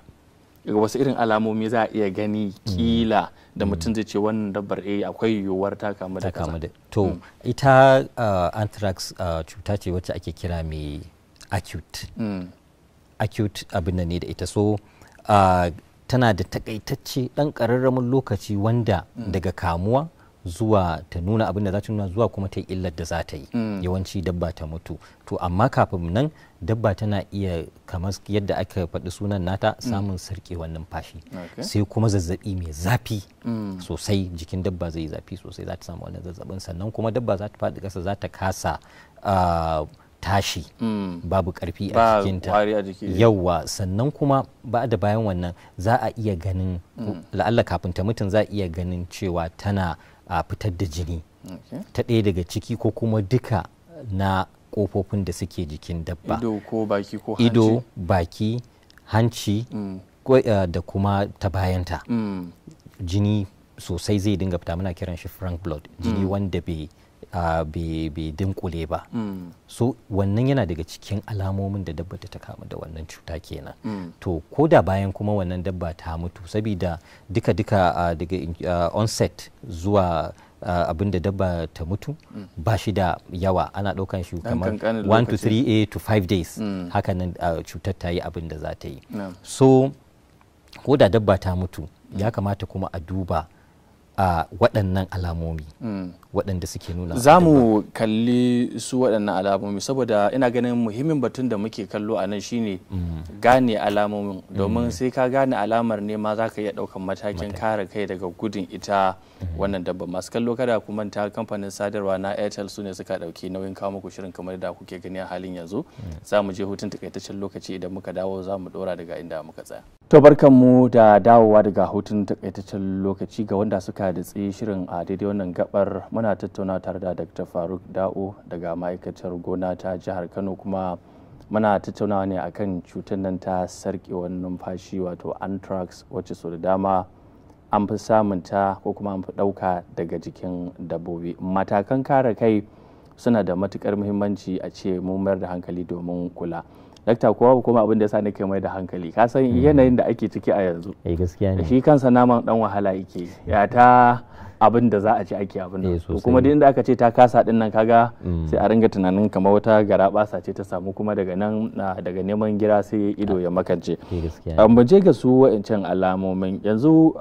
wasu irin alamomi za a iya gani mm. kila da mm. mutum zai ce wannan dabbar a eh, akwai yiwuwar ta kamu da kaza to mm. ita uh, anthrax uh, cuta ce wacce ake kira mai acute acute abin ne da ita so uh, tana da takaitacce dan kararramin lokaci wanda daga kamuwa zuwa ta nuna abin da za ta nuna zuwa kuma ta yi illar da za ta yi mm. yawanci dabba ta mutu to amma kafin nan dabba tana iya kamar yadda aka faɗi sunan nata mm. samun wannan numfashi sai kuma zazzabi mai zafi mm. sosai jikin dabba zai yi zafi sosai za ta samu wannan zazzabin sannan kuma dabba za ta faɗi ƙasa za ta kasa tashi babu ƙarfi a jikinta yauwa sannan kuma ba da bayan wannan za a iya ganin la'alla kafin ta mutum za a iya ganin cewa tana a fitar da jini ta ɗaya daga ciki ko kuma duka na ƙofofin da suke jikin dabba ido baki hanci ido baki hanci mm. eh, da kuma ta bayanta mm. jini sosai zai dinga fita muna kiran shi frank blood jini mm. wanda bai bai dinkule ba mm. so wannan yana daga cikin alamomin da dabba ta kamu da wannan cuta kenan mm. to ko da bayan kuma wannan dabba ta mutu saboda duka-duka daga onset zuwa Uh, abin da dabba ta mutu mm. ba shi da yawa ana ɗaukan shi kamar 1 to 3 a to 5 days mm. hakanan uh, cutar ta yi abin da za ta yi no. so ko da dabba ta mutu mm. ya kamata kuma a duba a uh, waɗannan alamomi mm. waɗanda suke nuna za mu kalli su waɗannan alamomi saboda ina ganin muhimmin batun da muke kallo a nan shine mm. gane alamomin mm. domin sai ka gane alamar ne ma za ka iya ɗaukan matakin kare kai daga gudun ita mm. wannan dabba masu kallo kada ku manta kamfanin sadarwa na airtel su ne suka ɗauki nauyin kawo muku shirin kamar da kuke gani a halin yanzu za mu je hutun takaitaccen lokaci idan muka dawo za mu ɗora daga inda muka tsaya to mu da dawowa daga hutun takaitaccen lokaci ga wanda suka da shirin a daidai wannan gabar muna tattauna tare da dr faruk da'o daga ma'aikatar gona ta jihar kano kuma muna tattaunawa ne akan cutar nan ta sarkewar numfashi wato anthrax wacce sau da dama an fi samun ta ko kuma an fi ɗauka daga jikin dabbobi matakan kare kai suna da matukar muhimmanci a ce mu da hankali domin kula dakta kowa kuma abin da sa nake mai da hankali ka san mm. yanayin da ake ciki a yanzu eh, shi kansa naman dan wahala yake ya ta abin da za a ci ake abin nan eh, kuma duk inda aka ce ta kasa din nan kaga mm. sai a ringa tunanin kamar wata basa ce ta samu kuma daga nan daga neman gira sai ido ya makance eh, ambace ga su wa'ancan alamomin yanzu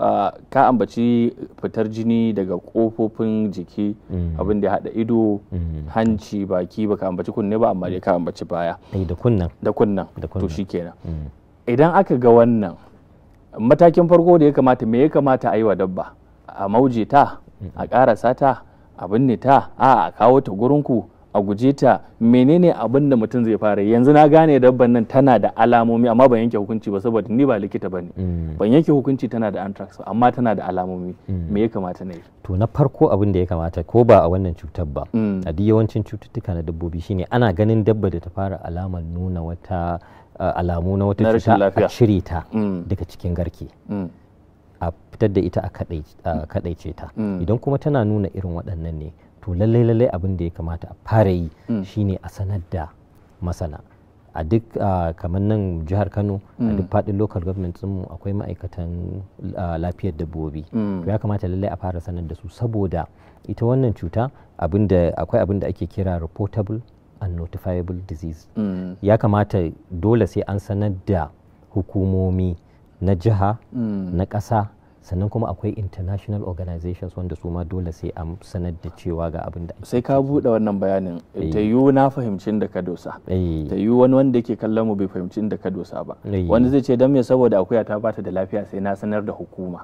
ka ambaci fitar jini daga kofofin jiki mm. abin da ya hada ido mm. hanci baki baka ambaci kunne ba amma dai ka ambaci baya eh, da kunnan da kunnan to shikenan idan aka ga wannan matakin farko da ya kamata me ya kamata a yi wa dabba a mauje ta mm-hmm. a karasa ta a binne ta a a kawo ta gurinku a guje ta menene abin da mutum zai fara yanzu na gane dabban nan tana da alamomi amma ban yanke hukunci ba saboda ni ba likita ba ne mm. ban yanke hukunci tana da anthrax amma tana da alamomi mm. me ya kamata na yi to na farko abin da ya kamata ko ba a wannan cutar ba mm. a duk yawancin cututtuka na dabbobi shine ana ganin dabba da ta fara alamar nuna wata alamu na wata cuta a cire ta daga cikin garke a fitar da ita a kadaice ta mm. Mm. idan kuma tana nuna irin waɗannan ne to lallai lallai abin da ya kamata a fara yi mm. shine a sanar da masana a duk kamar nan jihar kano a duk faɗin local government mu akwai ma'aikatan lafiyar dabbobi to ya kamata lallai a fara sanar da su saboda ita wannan cuta akwai abin da ake kira reportable and notifiable disease ya kamata dole sai an sanar da hukumomi na jiha mm. na ƙasa sannan kuma akwai international organizations wanda su ma dole sai a sanar da cewa ga abin da sai ka buɗe wannan bayanin eh. ta yi na fahimcin da ka dosa eh. ta yi wani wanda yake kallon mu bai fahimci da ka dosa ba eh. wanda zai ce don me saboda akuya ta bata da lafiya sai na sanar da hukuma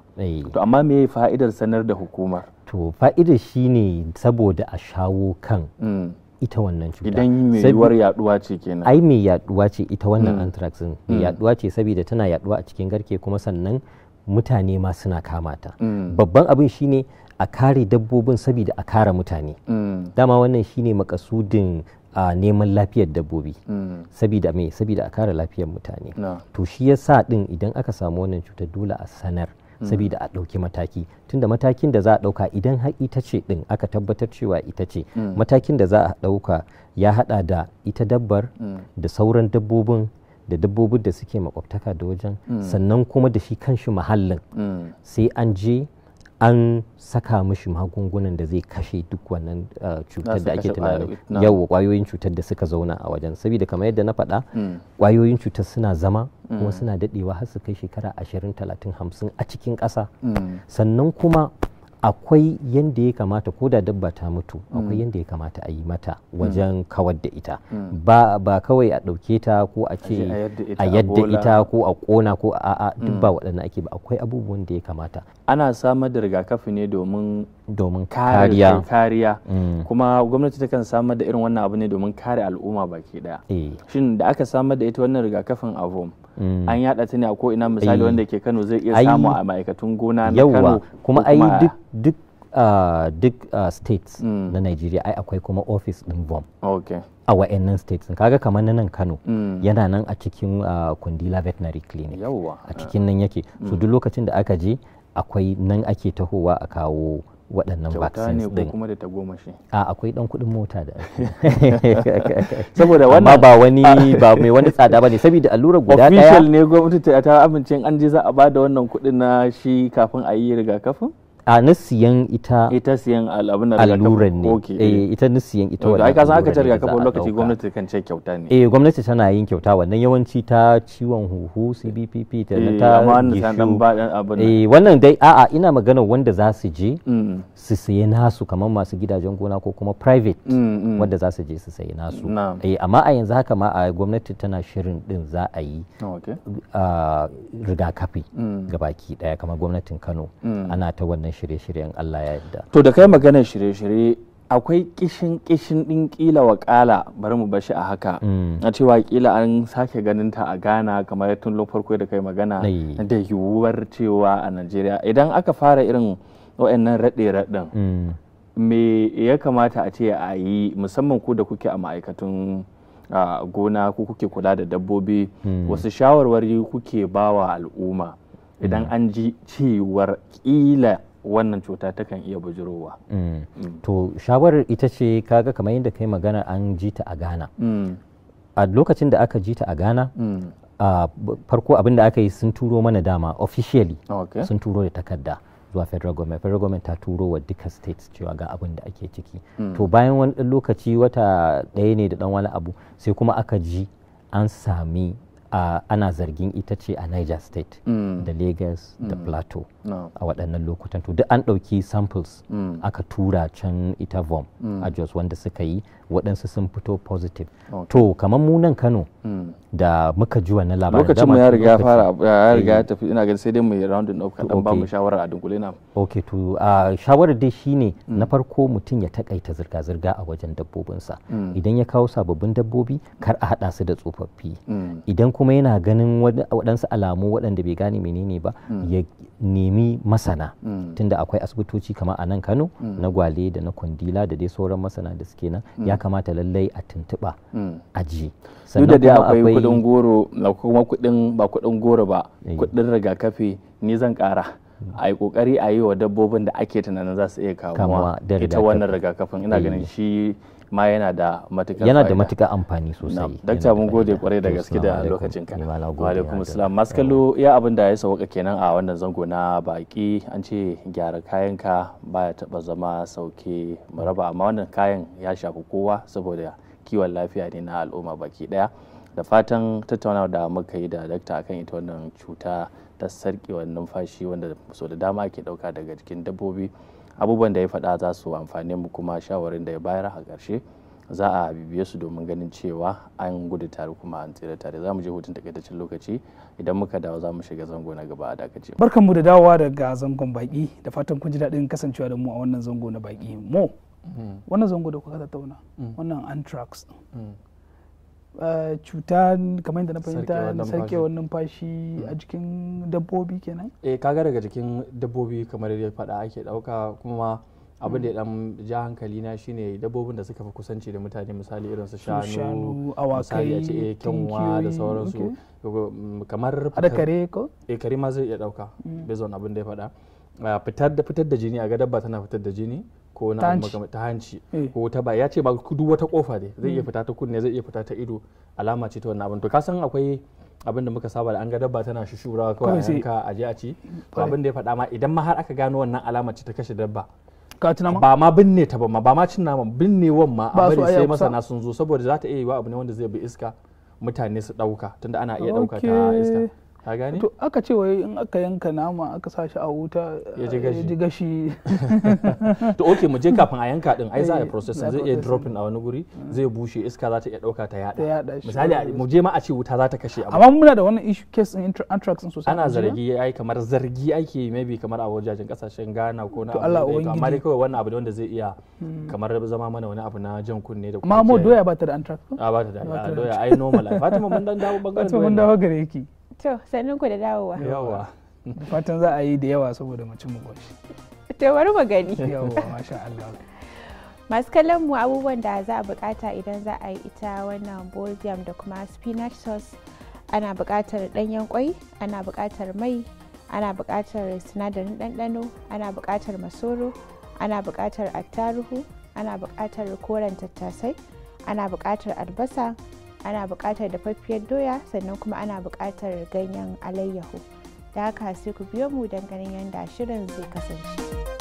to amma me fa'idar sanar da hukumar to fa'idar shine saboda a shawo kan mm. ita wannan cuta idan mai yuwar yaduwa ce kenan ai mai yaduwa ce ita wannan mm. anthrax din mai mm. yaduwa ce saboda tana yaduwa a cikin garke kuma sannan mutane ma suna kamata. ta mm. babban abin shine a kare dabbobin saboda a kare mutane dama wannan shine makasudin a neman lafiyar dabbobi saboda me saboda a kare lafiyar mutane to shi yasa din idan aka samu wannan cutar dole a sanar saboda a ɗauki mataki tunda matakin da za a ɗauka idan har ita ce ɗin aka tabbatar cewa ita ce mm. matakin da za a ɗauka ya haɗa da ita dabbar mm. da sauran dabbobin da dabbobin da suke makwabtaka da wajen mm. sannan kuma da shi kanshi muhallin sai an je an saka mishi magungunan da zai kashe duk wannan uh, cutar da ake tunani yawo kwayoyin cutar da suka zauna a wajen saboda kamar yadda na faɗa kwayoyin mm. cutar suna zama mm. kuma suna daɗewa har su kai shekara 20 30 50 a cikin ƙasa mm. sannan kuma akwai yadda ya kamata ko da dabba ta mutu mm. akwai yadda ya kamata a yi mata wajen mm. kawar da ita mm. ba, kawai a ɗauke ta ko a ce a yadda ita ko a ƙona ko a dubba duk waɗanda ake ba akwai abubuwan da ya kamata ana samar da rigakafi ne domin kariya kuma gwamnati takan samar da irin wannan abu ne domin kare al'umma baki daya eh. shin da aka samar da ita wannan rigakafin a Mm. an yada ta ne a ko'ina misali eh. wanda ke kano zai iya samu a ma'aikatun gona na kano kuma ai duk duk ah, duk ah, states mm. na Nigeria ai akwai kuma office din VOM. Okay. A wa'annan states kaga kamar na nan Kano mm. yana nan a cikin ah, Kundila Veterinary Clinic. Yawwa. A cikin nan yake. su duk lokacin da aka je akwai nan ake tahowa a kawo waɗannan vaccines din ne kuma da tagomashi a akwai dan kuɗin mota da [LAUGHS] saboda wannan ba wani [LAUGHS] ba mai wani tsada bane saboda allura guda daya official ne gwamnati ta amince an je za a bada wannan kuɗin na shi kafin a yi rigakafin a na siyan ita ita siyan abin alluran ne eh ita na siyan ita wannan ai ka san aka ce rigakafin lokaci gwamnati kan ce kyauta ne eh gwamnati tana yin kyauta wannan yawanci ta ciwon huhu CBPP ta eh, ta eh wannan dai a ina magana wanda za su je mm. su saye nasu kamar masu gidajen gona ko kuma private mm, mm. wanda za su je su saye nasu eh amma a yanzu haka ma a gwamnati tana shirin din za a yi rigakafi gabaki daya kamar gwamnatin Kano ana ta wannan shirye-shiryen Allah ya yadda. to da kai maganar shirye-shirye akwai kishin kishin din kila wa kala bari mu bashi a haka mm. na cewa kila an sake ganin ta a Ghana kamar tun farko da kai magana da yiwuwar cewa a Najeriya idan aka fara irin waɗannan raɗe-raɗen mm. me ya kamata a ce a yi musamman ku da kuke a ma'aikatun gona ko kuke kula da dabbobi mm. wasu shawarwari kuke bawa al'umma idan an ji cewar kila wannan cuta takan iya bujirowa. Mm. Mm. To shawarar ita ce kaga kamar yadda kai magana an ji ta a Ghana. Mm. A lokacin da aka ji ta a Ghana, farko abin da aka yi sun turo mana dama officially sun turo da takarda. zuwa federal government federal government ta turo wa duka states cewa ga abin da ake ciki to bayan wani lokaci wata ɗaya ne da ɗan wani abu sai kuma aka ji an sami uh, ana zargin ita ce a niger state mm. da lagos mm. da plateau no. a waɗannan lokutan to duk an ɗauki samples mm. aka tura can ita vom mm. a jos wanda suka yi waɗansu sun fito positive to kamar mu nan kano hmm. da muka ji wannan labarin lokacin mu ya riga fara ya riga ya eh. tafi ina ganin sai dai mu rounding up ba mu shawara a dunkule na okay to a shawarar dai shine hmm. na farko mutum ya takaita zirga-zirga a wajen dabbobinsa hmm. idan ya kawo sababbin dabbobi kar a hada su da tsofaffi idan kuma yana ganin waɗansu alamu waɗanda bai gane menene ba ya nemi masana tunda akwai asibitoci kamar a nan kano na gwale da na Kundila da dai sauran masana da suke nan ya kamata lallai a tuntuɓa hmm. aji sannan da akwai kudin goro kuma kudin ba kuɗin goro ba eh. kuɗin rigakafi ni zan ƙara hmm. a yi kokari a yi wa dabbobin da ake tunanin za su iya kawo ita wannan rigakafin ina ganin eh. shi ma yana da matuƙar yana da matuƙar amfani sosai dakta mun gode kwarai da gaske da lokacin ka wa alaikum assalam maskalo ya abin da ya sauka kenan a wannan zango na baki an ce gyara kayan ka baya taba zama sauke maraba amma wannan kayan ya shafi kowa saboda kiwon lafiya ne na al'umma baki daya da fatan tattaunawa da muka yi da dakta akan ita wannan cuta ta sarkewar numfashi wanda so da dama ake dauka daga jikin dabbobi abubuwan da ya faɗa za su amfane mu kuma shawarin da ya bayar a ƙarshe za a bibiye su domin ganin cewa an gudu tare kuma an tsira tare za mu je hutun takaitaccen lokaci idan muka dawo za mu shiga zango na gaba a dakace barkan mu da dawowa daga zangon baki da fatan kun ji daɗin kasancewa da mu a wannan zango na baki mo mm. wannan zango da kuka tattauna mm. wannan anthrax mm. Eh, cuta kamar yadda na fahimta na sarkewar numfashi hmm. a jikin dabbobi kenan eh kaga daga jikin dabbobi kamar ya faɗa ake ɗauka kuma abin da ya dan ja hankali na shine dabbobin da suka fi kusanci da mutane misali irin su shanu awakai a ce eh, kyanwa da sauransu mm, kamar kare ko eh kare ma zai iya dauka hmm. bezon abin da ya faɗa Ah, fitar da fitar da jini a ga dabba tana fitar da jini ko na ta hanci eh. ko ta ba ya ce ba duk wata kofa ne zai iya mm. fita ta kunne zai iya fita ta ido alama ce ta wannan abin to ka san akwai abin da muka saba da an ga dabba tana shushura kawai a yanka a je a ci to abin da ya faɗa ma idan ma har aka gano wannan alama ce ta kashe dabba ba ma binne ta ba ma ba ma cin binne wan ma a bari sai masana sun zo saboda za ta iya yi wa abu ne wanda zai bi iska mutane su ɗauka tunda ana iya ɗauka ta iska a gane to aka ce wai in aka yanka nama aka sa shi a wuta ya ji gashi [LAUGHS] to ok mu je kafin a yanka din ai za a eh, processing zai iya dropping a wani guri mm. zai bushe iska za ta iya dauka ta yada misali mu je ma a ce wuta za ta kashe amma muna da wannan issue case in anthrax in sosai ana zargi ai kamar zargi ake maybe kamar a wajajen kasashen Ghana ko na abu amma dai kawai wannan abu ne wanda zai iya hmm. kamar zama mana wani abu na jan kunne da kuma mu doya ba ta da anthrax ba ta da doya ai normal fatima mun dan dawo [LAUGHS] bangaren doya mun dawo gare ki to sannin ku da dawowa yawa fatan za a yi da yawa saboda mace mu gwashi. to bari mu gani yawa masha Allah masu kallon mu abubuwan da za a bukata idan za a yi ita wannan bolium da kuma spinach sauce ana bukatar ɗanyen kwai ana bukatar mai ana bukatar sinadarin ɗanɗano ana bukatar masoro ana bukatar attaruhu ana bukatar koren tattasai ana bukatar albasa ana buƙatar dafaffiyar doya sannan kuma ana buƙatar ganyen alayyahu da haka sai ku biyo mu don ganin yadda shirin zai kasance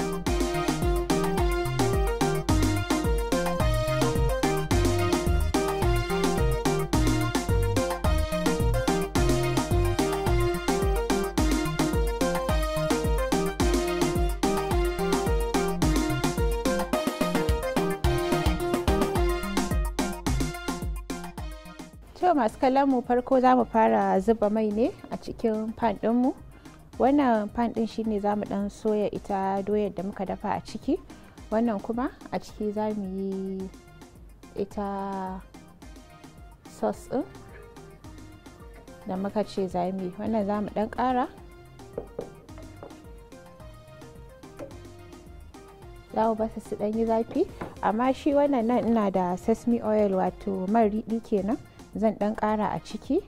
masu kallon mu farko za mu fara zuba mai ne a cikin pan ɗinmu wannan pan ɗin shine za mu ɗan soya ita doyar da muka dafa a ciki wannan kuma a ciki za mu yi ita sos ɗin da muka ce za mu yi wannan za mu ɗan ƙara za mu basu su ɗan yi zafi amma shi wannan nan ina da sesame oil wato man riɗi kenan zan ɗan ƙara a ciki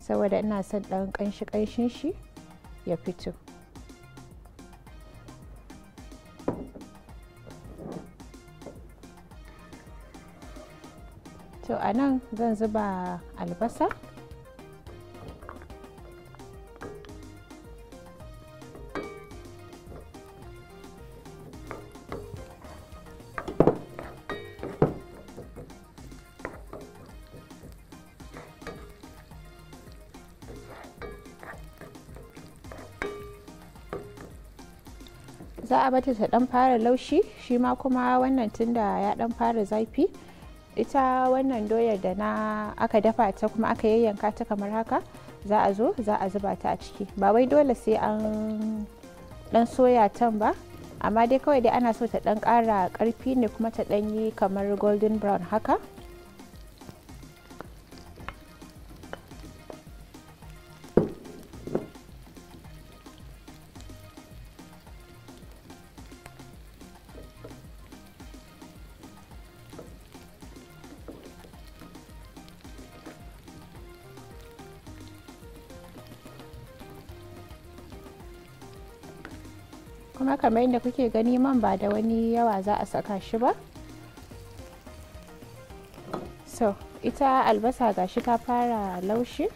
saboda ina son ɗan ƙanshi ƙanshin shi ya fito to a nan zan zuba albasa za a bata ta dan fara laushi shi ma kuma wannan tunda ya dan fara zafi ita wannan doyar da na aka dafa ta kuma aka yayyanka ta kamar haka za a zo za a zuba ta a ciki ba wai dole sai an dan soya tan ba amma dai kawai dai ana so ta dan kara karfi ne kuma ta dan yi kamar golden brown haka kamar yadda kuke gani man ba da wani yawa za a saka shi ba so ita albasa ga shi ta fara laushi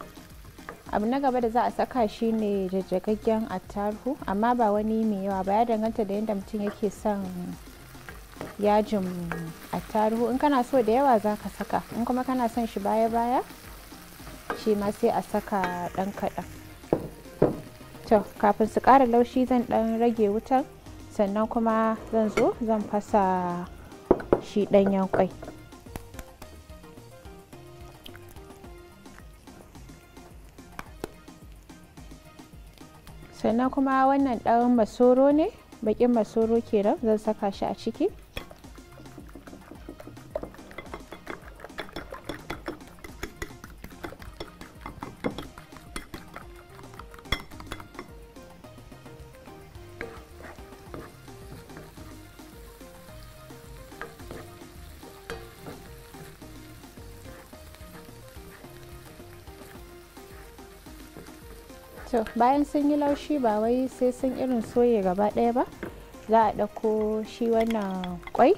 abu na gaba da za a saka shi ne jajjagaggen tarhu amma ba wani mai yawa ba ya danganta da yadda mutum yake son yajin attaruhu in kana so da yawa za ka saka in kuma kana son shi baya-baya shi ma sai a saka dan kaɗan to kafin su ƙara laushi zan ɗan rage wutan sannan kuma zan zo zan fasa shi ɗanyen kwai sannan kuma wannan ɗan masoro ne bakin masoro kenan zan saka shi a ciki bayan sun yi laushi ba wai sai sun irin soye gaba ɗaya ba za a ɗauko shi wannan kwai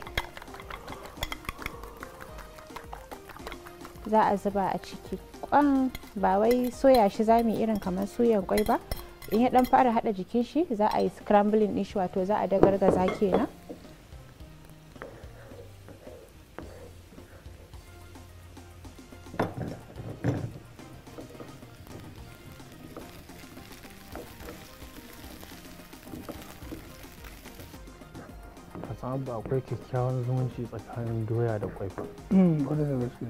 za a zuba a ciki kwan ba wai soya shi za mu irin kamar suyan kwai ba in ya ɗan fara haɗa jikin shi za a yi scrambling din shi wato za a dagargaza kenan abu akwai kyakkyawan zumunci tsakanin doya da kwai fa kwarai hmm, da gaske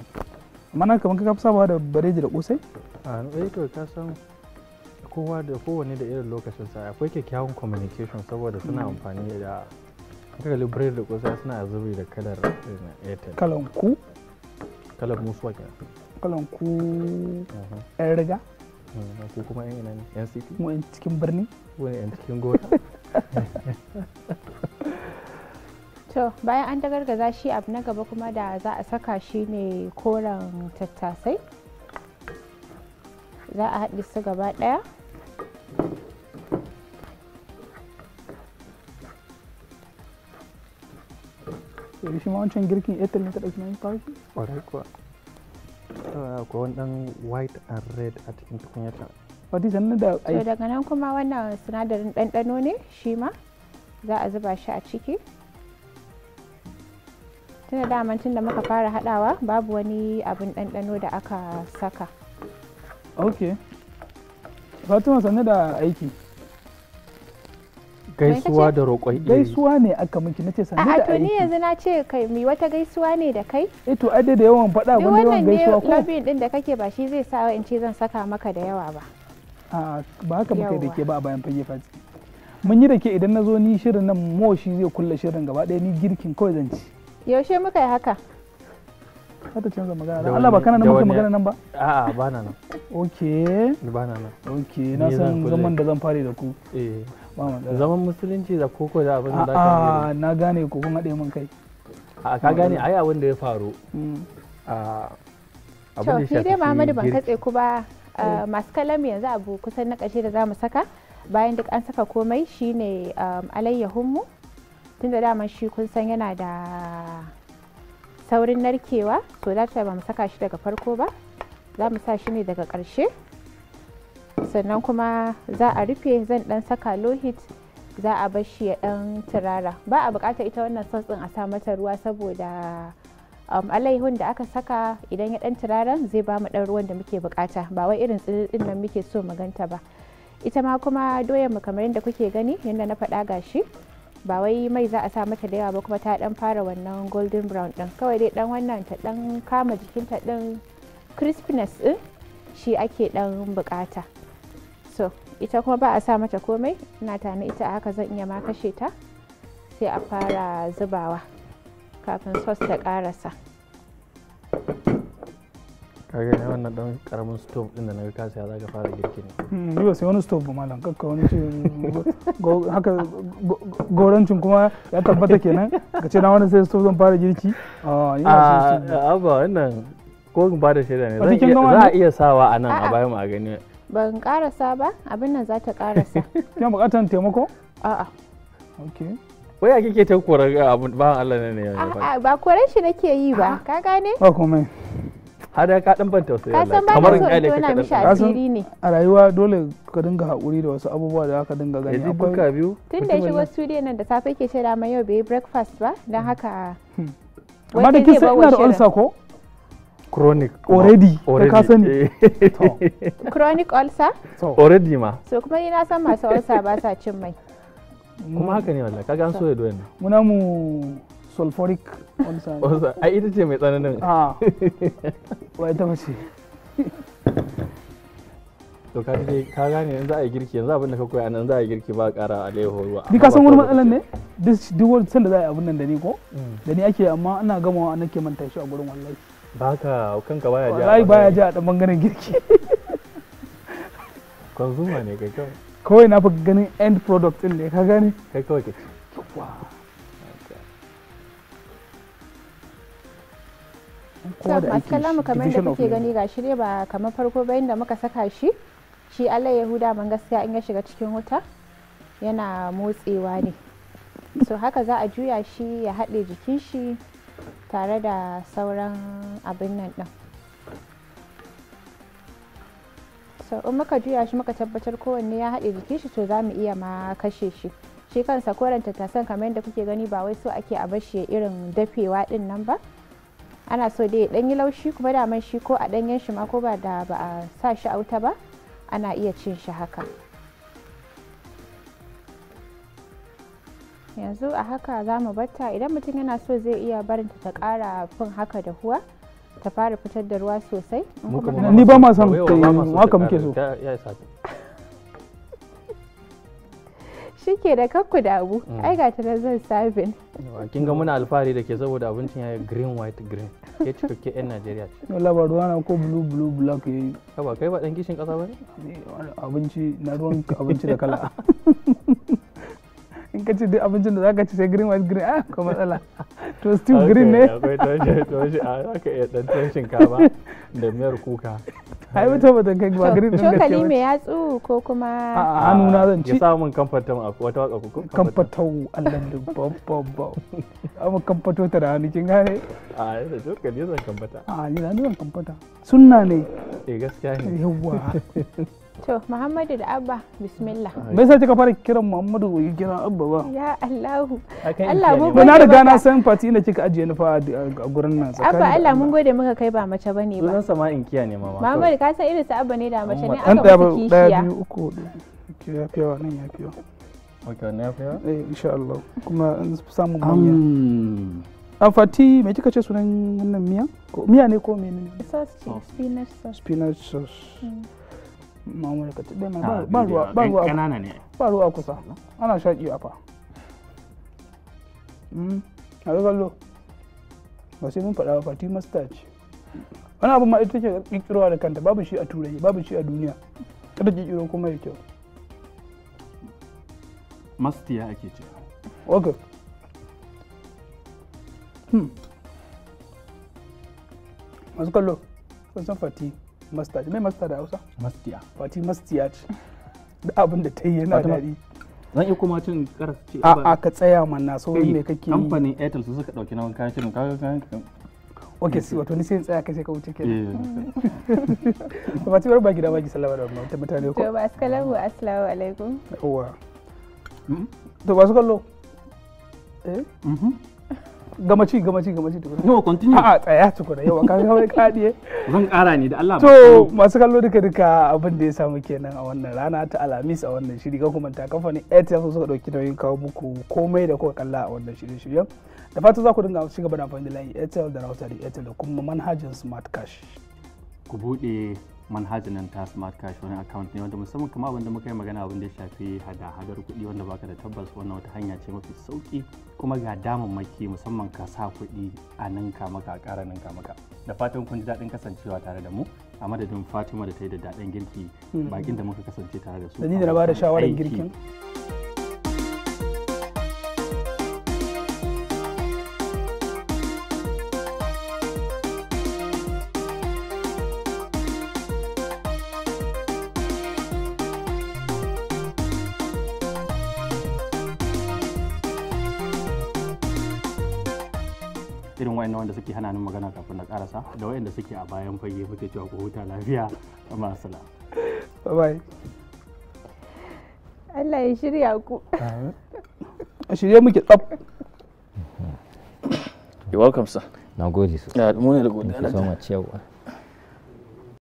amma na kamar ka fi sabawa da bareji da kosai a ɗaya eh kawai ka san kowa da kowane da irin lokacin sa akwai kyakkyawan communication saboda suna hmm. amfani da kaga librar da kosai suna zubi da kalar airtel kalan ku kalar musuwa kenan kalan ku yan riga hmm, ko kuma yan ina ne yan city mu yan cikin birni ko yan cikin gona [LAUGHS] to bayan an dagargaza shi abu na gaba kuma da za a saka shi ne koren tattasai za a haɗe su gaba ɗaya sai shi ma wancan girkin airtel ne ta ɗauki nayin farki? ƙwarai kuwa ah, akwai wani ɗan white and red a cikin tukunyata wata sannan da to daga nan kuma wannan sinadarin ɗanɗano ne shi ma za a zuba shi a ciki tunda daman tun da muka fara hadawa babu wani abin ɗanɗano da aka saka ok fatima sanne da aiki gaisuwa da roƙon iyali gaisuwa ne aka miki nace sanne da aiki a to ni yanzu na ce kai mi wata gaisuwa ne da kai eh to ai da yawan faɗa wani yawan gaisuwa ko wannan din da kake ba shi zai sa in ce zan saka maka da yawa ba a ba haka muke da ke ba a bayan fage fati mun yi da ke idan na zo ni shirin nan mo shi zai kulle shirin gaba ɗaya ni girkin kawai zan ci yaushe muka yi haka Hata canza magana Allah ba kana nan muka magana nan ba? A'a ba na nan. Okay. Ba na nan. Okay, na san zaman da zan fare da ku. Eh. Zaman musulunci da koko da abin da ka a na gane ku kun haɗe mun kai. a ka gane ai abin da ya faru. Mm. A abin da shi dai Muhammadu ban katse ku ba eh. Eh, masu kalami yanzu abu kusan na ƙarshe da za mu saka bayan duk an saka komai shine um, alayyahunmu. tunda dama shi kun san yana da saurin narkewa so ta ba mu saka shi daga farko ba za mu sa shi ne daga ƙarshe sannan kuma za a rufe zan dan saka lohit za a bar shi ya dan turara ba a bukatar ita wannan sauce din a sa mata ruwa saboda um, alaihun da aka saka idan ya dan turaran zai ba mu dan ruwan da muke bukata ba wai irin tsirin nan muke so mu ganta ba ita ma kuma doyan mu kamar yadda kuke gani yadda na faɗa gashi ba wai mai za a sa mata da yawa ba kuma ta dan fara wannan golden brown din kawai dai dan wannan ta dan kama jikin ta din crispness din shi ake dan bukata so ita kuma ba a sa mata komai ina tana ita a haka zan iya ma kashe ta sai a fara zubawa kafin sauce ta karasa kaga ne wannan dan karamin stove din da na ga kasa za ka fara girki ne hmm, ni ba sai wani stove ba malam kakka wani ce haka gorancin kuma ya tabbata kenan ka ce na wani sai stove zan fara girki ah, a ah, ah, ba wannan ko ba da shaida ne za a iya sawa a nan a bayan mu a gani ban karasa ba abin nan za ta karasa [LAUGHS] kina bukatar taimako a'a okay waya kike ta korar eh, abin ba Allah ne ne ba korar shi nake yi ba ka gane ba komai har ya ka dan ban tausayi Allah kamar in kyale ka ne a rayuwa dole ka dinga hakuri da wasu abubuwa da aka dinga gani akwai duka biyu tun da shigo studio nan da safe ke shaida mai yau bai breakfast ba dan haka hmm. amma da kisa ina da ulcer ko chronic already ka sani eh. chronic ulcer already ma so kuma ina san masu ulcer ba sa cin mai kuma haka ne wallahi kaga an so da doyen muna mu sulfuric ulcer a ita ce mai tsananin a ah. ita ta mace to ka ji ka gane yanzu a yi girki yanzu abin da ka koya nan za a yi girki ba ƙara alaiho ruwa ni ka san wani matsalan ne duk wani sanda za a yi abin nan da ni ko mm. da ni ake amma ina gamawa nake manta shi a gurin wallahi baka kanka baya ji wallahi baya ji a dan bangaren girki Kwanzuma [LAUGHS] ne kai kawai kawai na fi ganin end product din ne ka gane kai kawai ke ci kowa da aiki masu kamar da kuke gani ga shi ba kamar farko bayan da muka saka shi shi allah yahuda man gaskiya in ya shiga cikin wuta yana motsewa ne so haka za a juya shi ya haɗe jikin shi tare da sauran abin nan ɗin so in muka juya shi muka tabbatar kowanne ya haɗe jikin shi to za mu iya ma kashe shi shi kansa koren tattasan kamar yadda kuke gani ba wai so ake a bashi irin dafewa ɗin nan ba ana so dai dan yi laushi kuma daman shi ko a danyen shi ma ko ba da ba a sa shi a wuta ba ana iya cin shi haka yanzu a haka za mu batta idan mutum yana so zai iya barinta ta kara fin haka da huwa ta fara fitar da ruwa sosai ni ba ma san haka muke so shi ke da kakku abu ai ga ta zan sabin kin ga muna alfahari da ke saboda abincin ya green white green ke cikakke yan najeriya ce wala ba ruwa na ko blue blue black yayi ba kai ba dan kishin kasa ba ne eh, abinci na ruwan abinci da kala [LAUGHS] in ka ce duk abincin da za ka ci sai green white green ah ko matsala [LAUGHS] to stew green ne [LAUGHS] akwai toshe toshe a ah, za ka iya dan tuwon shinkafa da miyar kuka ai mutum mutum kai ba green din gaske cokali mai yatsu ko kuma a hannu na zan ci ya samun kamfatan a wata waka ko kamfatau Allah da babbabba amma kamfato ta da hannu kin gane ah, a da cokali zan kamfata a ah, ni zan kamfata sunna ne eh gaskiya ne yawwa [LAUGHS] To Muhammadu da Abba bismillah. Me sai kika fara kiran Muhammadu ko kiran Abba ba? Ya Allahu. Allah mun gode. Na riga na san fati inda kika ajiye ni a gurin nan. Abba Allah mun gode muka kai ba mace ba ne ba. Sunan sama in kiya ne mama. Muhammadu ka san irin sa Abba ne da mace ne aka mutu kishiya. Ɗaya biyu uku hudu. Ya fi yawa nan ya fi Ok wannan ya fi Eh insha Allah. Kuma samun manya. Amfati me kika ce sunan wannan miya? Miya ne ko menene? Sauce ce. Oh. Spinach sauce. Spinach sauce. Mm. mamurka ta dana ah, ba ruwa ba ruwa kanana ne ba ruwa kusa ana shaƙi a fa hmm. a ga kallo ba sai mun faɗa ba fatima star ce wani abu ma ita take kirkirowa da kanta babu shi a turai babu shi a duniya ta da kirkiro kuma ya kyau mastiya ake ce ok hmm. masu kallo sun san fati masta mai masta da hausa mastiya fati mastiya ce da abin da ta yi yana daɗi zan iya kuma cin karas ce a a ka tsaya mana sauran me kake yi kamfanin airtel su suka dauki nawan kayan shirin kaga kayan ok si wato ni sai in tsaya kai sai ka wuce ke to eh, [LAUGHS] ba tiwar ba gida ba ki sallama da wannan mutane ko to ba assalamu assalamu alaikum hmm? to ba su kallo eh mm-hmm. gamaci gamaci gamaci tukuna no continue a tsaya tukuna yawa ka kawai kadiye zan kara ne da Allah to masu kallo duka duka abin da ya samu kenan a wannan rana ta alamis a wannan shiri ga kuma ta kamfani airtel suka dauki nauyin kawo muku komai da kuka kalla a wannan shirye shiryen da fata za ku dinga ci gaba da amfani da layin airtel da router da airtel da kuma manhajin smart cash ku bude manhajar nan ta smart cash wani account ne wanda musamman kama abinda muka yi magana abin da ya shafi hada-hadar kuɗi wanda baka da tabbas wannan wata hanya ce mafi sauki kuma ga damammaki musamman ka sa kuɗi a ninka maka a ƙara ninka maka da fatan kun ji daɗin kasancewa tare da mu a madadin fatima da ta yi da daɗin girki hmm. bakin da muka kasance tare da su da kake hana ni magana kafin na karasa da wayanda suke a bayan fage muke cewa ku huta lafiya amma sala bye bye Allah ya shirya ku a shirye muke tsaf you welcome sir na gode sosai na gode so much yawa